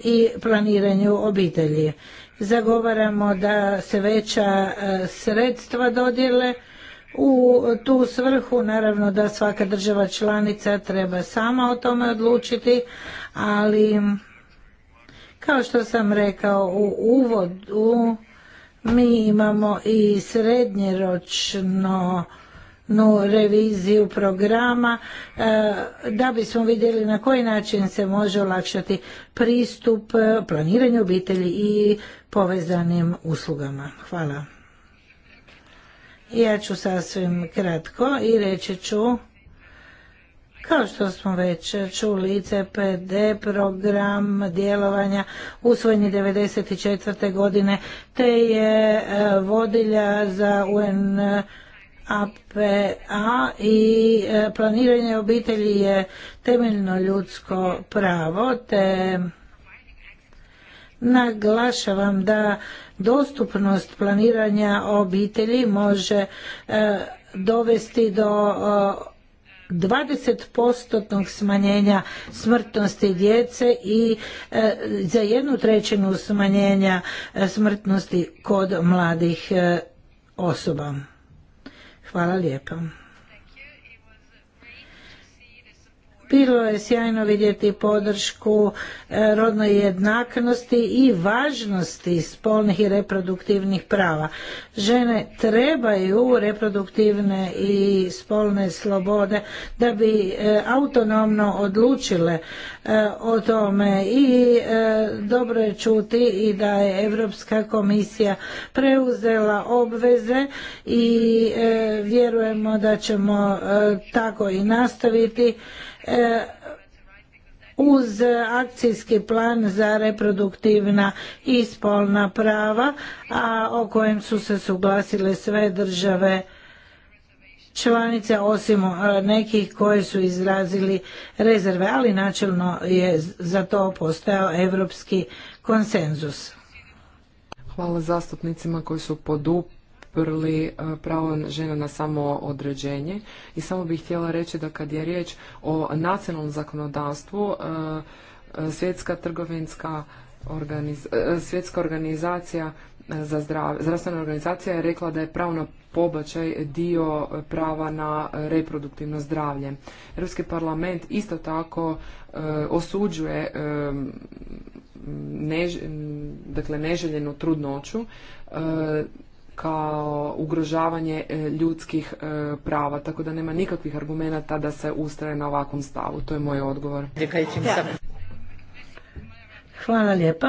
D: i planiranju obitelji. Zagovaramo da se veća e, sredstva dodjele u tu svrhu, naravno da svaka država članica treba sama o tome odlučiti, ali kao što sam rekao u uvodu, mi imamo i srednjeročno reviziju programa e, da bismo vidjeli na koji način se može olakšati pristup e, planiranju obitelji i povezanim uslugama. Hvala. Ja ću sasvim kratko i reći ću kao što smo već čuli, CPD program djelovanja usvojen je 1994. godine te je e, vodilja za UNAPA i e, planiranje obitelji je temeljno ljudsko pravo te naglašavam da dostupnost planiranja obitelji može e, dovesti do 20% smanjenja smrtnosti djece i e, za jednu trećinu smanjenja e, smrtnosti kod mladih e, osoba. Hvala lijepa. Bilo je sjajno vidjeti podršku e, rodnoj jednaknosti i važnosti spolnih i reproduktivnih prava. Žene trebaju reproduktivne i spolne slobode da bi e, autonomno odlučile e, o tome i dobro je čuti i da je Europska komisija preuzela obveze i vjerujemo da ćemo tako i nastaviti E, uz akcijski plan za reproduktivna i spolna prava, a o kojem su se suglasile sve države članice, osim e, nekih koje su izrazili rezerve, ali načelno je za to postojao europski konsenzus.
B: Hvala zastupnicima koji su podup prli e, pravo žena na samo određenje. i samo bih htjela reći da kad je riječ o nacionalnom zakonodavstvu e, e, svjetska trgovinska svjetska organizacija za zdrav, zdravstvena organizacija je rekla da je pravo na pobačaj dio prava na reproduktivno zdravlje. Europski parlament isto tako osuđuje dakle neželjenu trudnoću kao ugrožavanje e, ljudskih e, prava, tako da nema nikakvih argumenata da se ustraje na ovakvom stavu. To je moj odgovor. Hvala lijepa.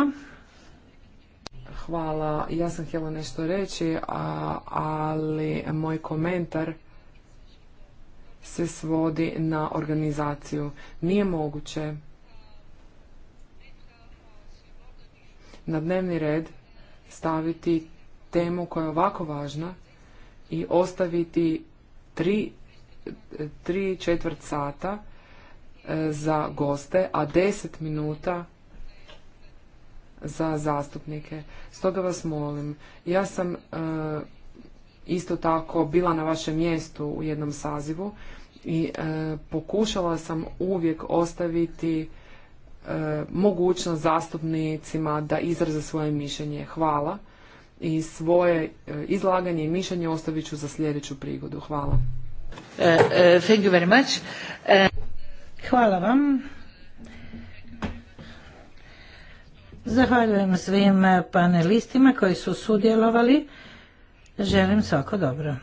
B: Hvala. Ja sam htjela nešto reći, ali moj komentar se svodi na organizaciju. Nije moguće na dnevni red staviti temu koja je ovako važna i ostaviti tri, tri četvrt sata e, za goste, a deset minuta za zastupnike. Stoga vas molim, ja sam e, isto tako bila na vašem mjestu u jednom sazivu i e, pokušala sam uvijek ostaviti mogućnost zastupnicima da izraze svoje mišljenje. Hvala i svoje e, izlaganje i mišljenje ostavit ću za sljedeću prigodu. Hvala.
D: E, e, thank you very much. Hvala vam. Zahvaljujem svim panelistima koji su sudjelovali. Želim svako dobro.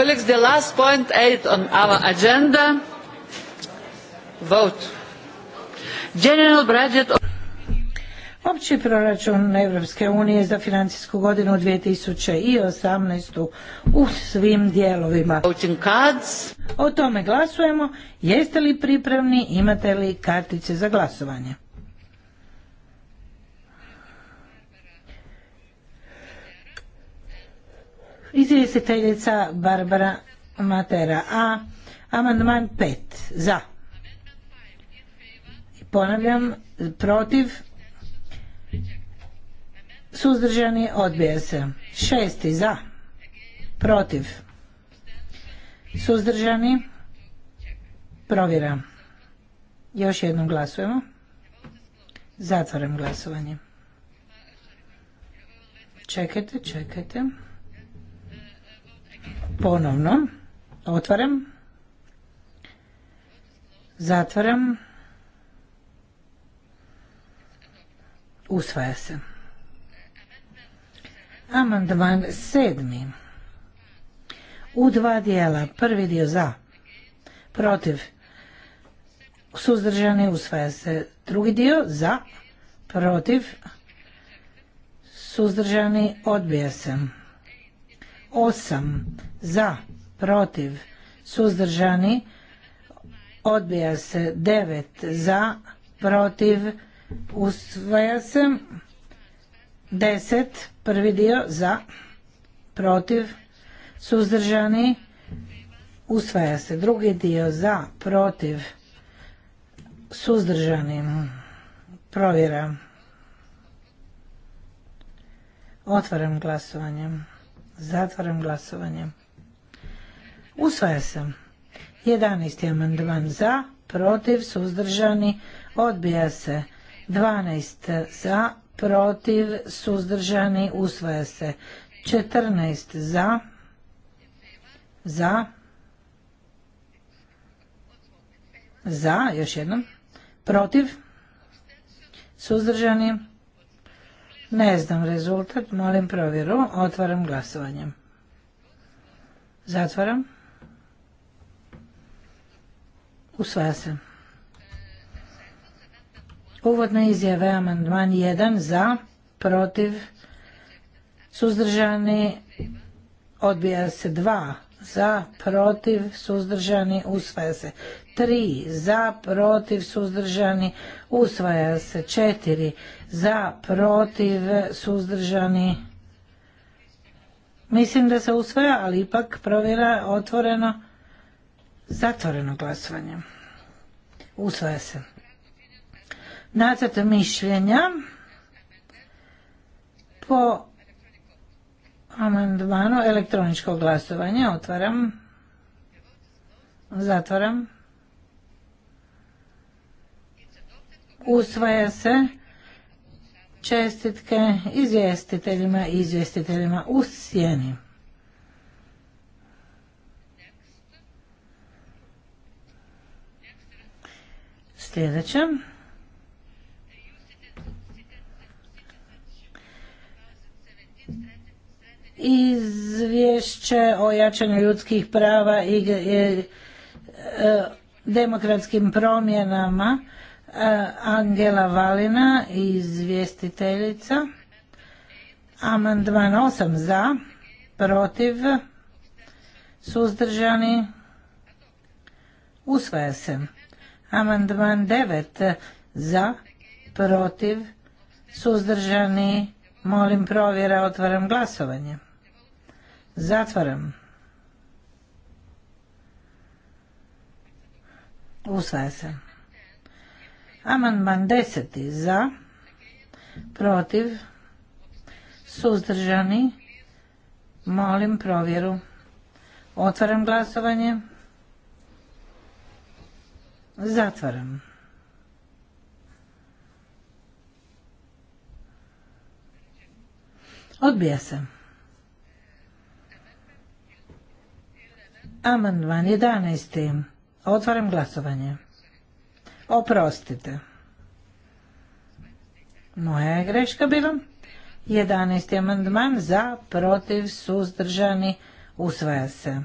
A: Colleagues, the last point eight on our agenda.
D: Vote. General budget of... Opći proračun Europske unije za financijsku godinu 2018. u svim dijelovima. O tome glasujemo. Jeste li pripravni? Imate li kartice za glasovanje? Izvjestiteljica Barbara Matera. A amandman 5 za. Ponavljam, protiv suzdržani odbija se. Šesti za. Protiv. Suzdržani. Provjera. Još jednom glasujemo. Zatvaram glasovanje. Čekajte, čekajte ponovno. Otvaram. Zatvaram. Usvaja se. Amandman sedmi. U dva dijela. Prvi dio za. Protiv. Suzdržani usvaja se. Drugi dio za. Protiv. Suzdržani odbija se. 8 za, protiv, suzdržani, odbija se 9 za, protiv, usvaja se 10, prvi dio za, protiv, suzdržani, usvaja se drugi dio za, protiv, suzdržani, provjera. Otvaram glasovanje. Zatvaram glasovanje. Usvaja se. 11. amandman za, protiv, suzdržani, odbija se. 12 za, protiv, suzdržani, usvaja se. 14 za, za, za, još jednom, protiv, suzdržani, ne znam rezultat, molim provjeru. Otvaram glasovanje. Zatvaram. Usvaja se. Uvodna izjave amandman 1 za, protiv, suzdržani, odbija se 2 za, protiv, suzdržani, usvaja se. 3 za, protiv, suzdržani, usvaja se. 4 za, protiv, suzdržani. Mislim da se usvaja, ali ipak provjera otvoreno, zatvoreno glasovanje. Usvaja se. Nacrt mišljenja po amandmanu elektroničkog glasovanje. Otvaram. Zatvaram. Usvaja se Čestitke izvjestiteljima i izvjestiteljima u sjeni. Sljedeće. Izvješće o jačanju ljudskih prava i e, e, demokratskim promjenama E, Angela Valina, izvjestiteljica. Amandman 8 za, protiv, suzdržani, usvaja se. Amandman 9 za, protiv, suzdržani, molim provjera, otvaram glasovanje. Zatvaram. Usvaja se. Amandman 10. za, protiv, suzdržani, molim provjeru. Otvaram glasovanje. Zatvaram. Odbija se. Amandman 11. Otvaram glasovanje. Oprostite. Moja je greška bila. 11. amandman za, protiv, suzdržani, usvaja se.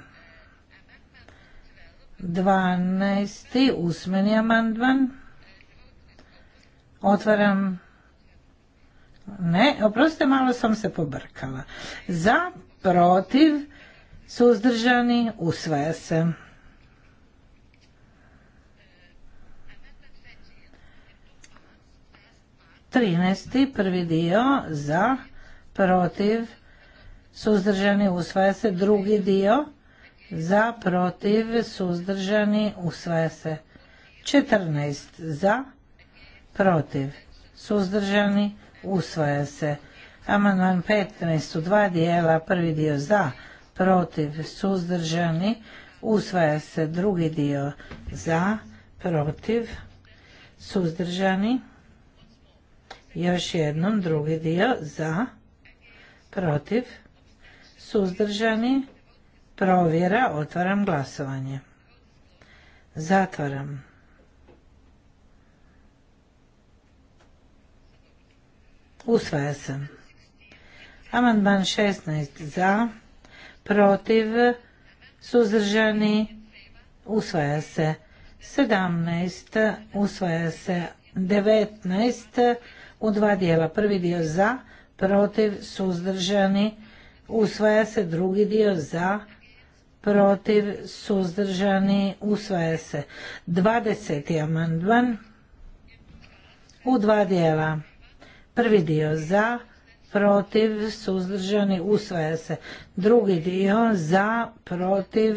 D: 12. usmeni amandman. Otvaram. Ne, oprostite, malo sam se pobrkala. Za, protiv, suzdržani, usvaja se. 13. prvi dio za, protiv, suzdržani usvaja se. Drugi dio za, protiv, suzdržani usvaja se. 14. za, protiv, suzdržani usvaja se. Amandman 15 u dva dijela, prvi dio za, protiv, suzdržani, usvaja se drugi dio za, protiv, suzdržani. Još jednom drugi dio za, protiv, suzdržani, provjera, otvaram glasovanje. Zatvaram. Usvaja se. Amandman 16 za, protiv, suzdržani, usvaja se. 17 usvaja se. 19 u dva dijela. Prvi dio za, protiv, suzdržani, usvaja se. Drugi dio za, protiv, suzdržani, usvaja se. 20. amandman u dva dijela. Prvi dio za, protiv, suzdržani, usvaja se. Drugi dio za, protiv,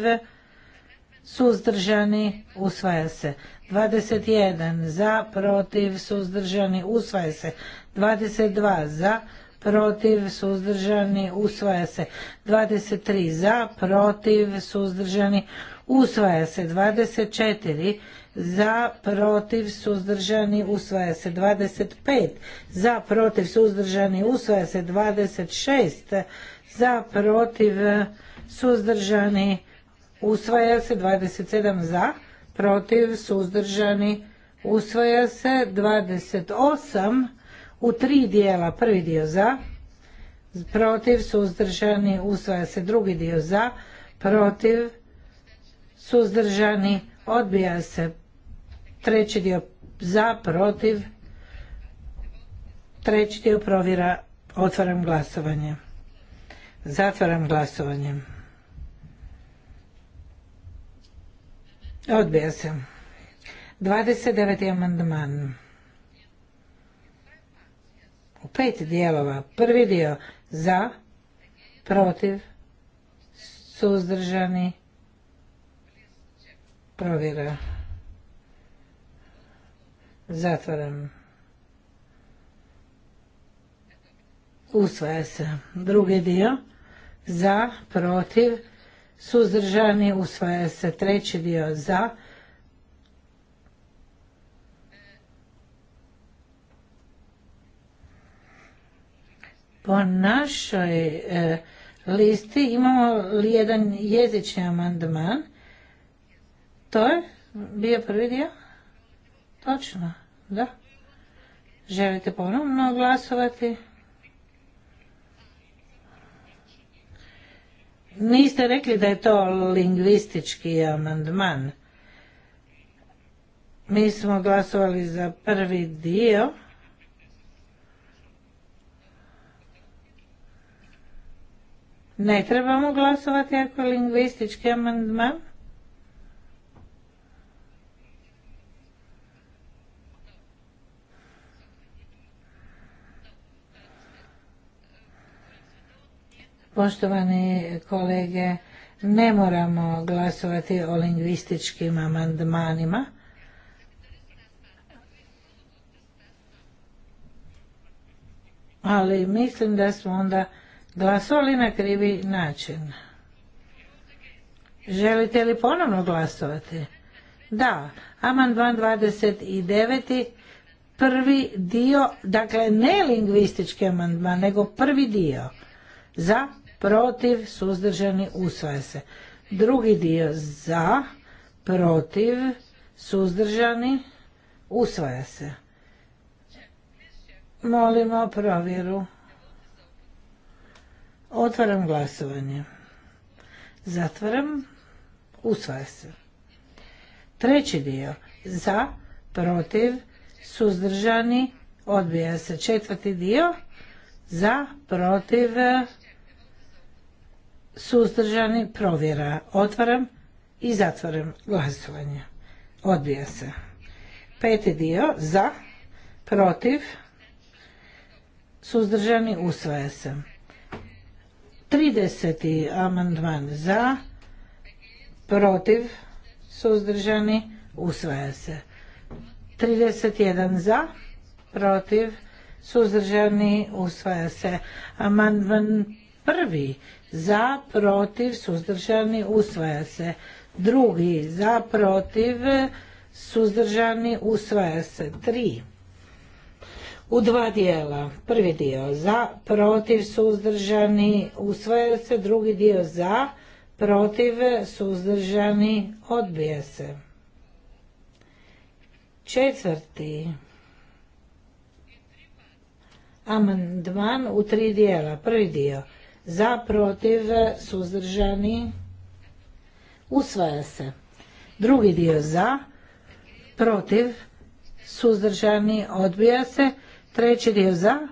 D: suzdržani, usvaja se. 21 za, protiv, suzdržani, usvaja se. 22 za, protiv, suzdržani, usvaja se. 23 za, protiv, suzdržani, usvaja se. 24 za, protiv, suzdržani, usvaja se. 25 za, protiv, suzdržani, usvaja se. 26 za, protiv, suzdržani, usvaja se. 27 za, protiv, suzdržani, usvaja se. 28 u tri dijela, prvi dio za, protiv, suzdržani, usvaja se. Drugi dio za, protiv, suzdržani, odbija se. Treći dio za, protiv, treći dio provjera, otvaram glasovanje. Zatvaram glasovanje. Odbija se. 29. amandman. U pet dijelova. Prvi dio za, protiv, suzdržani, provjera. Zatvaram. Usvaja se. Drugi dio. Za, protiv, suzdržani, usvaja se treći dio za, po našoj e, listi imamo jedan jezični amandman. To je bio prvi dio? Točno, da. Želite ponovno glasovati? Niste rekli da je to lingvistički amandman. Mi smo glasovali za prvi dio. Ne trebamo glasovati ako je lingvistički amandman. Poštovani kolege, ne moramo glasovati o lingvističkim amandmanima. Ali mislim da smo onda glasovali na krivi način. Želite li ponovno glasovati? Da, amandman 29. Prvi dio, dakle ne lingvistički amandman, nego prvi dio. Za, protiv, suzdržani, usvaja se. Drugi dio za, protiv, suzdržani, usvaja se. Molimo provjeru. Otvaram glasovanje. Zatvaram. Usvaja se. Treći dio. Za, protiv, suzdržani, odbija se. Četvrti dio. Za, protiv, suzdržani provjera. Otvaram i zatvaram glasovanje. Odbija se. Peti dio za, protiv, suzdržani usvaja se. Trideseti amandman za, protiv, suzdržani usvaja se. jedan. za, protiv, suzdržani usvaja se. Amandman prvi za, protiv, suzdržani, usvaja se. Drugi, za, protiv, suzdržani, usvaja se. Tri, u dva dijela. Prvi dio za, protiv, suzdržani, usvaja se. Drugi dio za, protiv, suzdržani, odbija se. Četvrti amandman u tri dijela. Prvi dio za, protiv, suzdržani, usvaja se. Drugi dio za, protiv, suzdržani, odbija se. Treći dio za,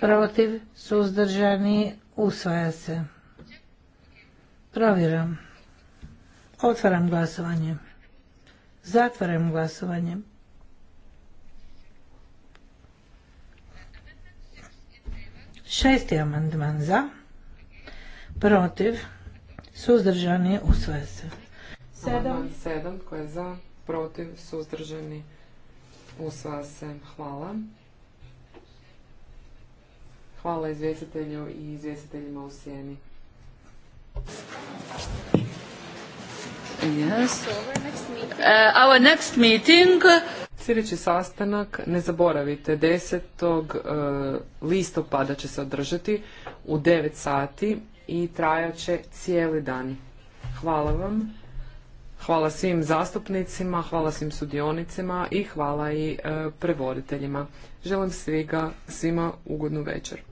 D: protiv, suzdržani, usvaja se. Provjeram. Otvaram glasovanje. Zatvaram glasovanje. Šesti amandman za protiv, suzdržani, usvaja se.
B: Sedam. Sedam, tko je za, protiv, suzdržani, usvaja se. Hvala. Hvala izvjestitelju i izvjestiteljima u sjeni.
D: Yes.
B: Uh, next meeting. Sljedeći sastanak, ne zaboravite, 10. Uh, listopada će se održati u 9 sati i trajat će cijeli dan. Hvala vam. Hvala svim zastupnicima, hvala svim sudionicima i hvala i e, prevoditeljima. Želim svega svima ugodnu večer.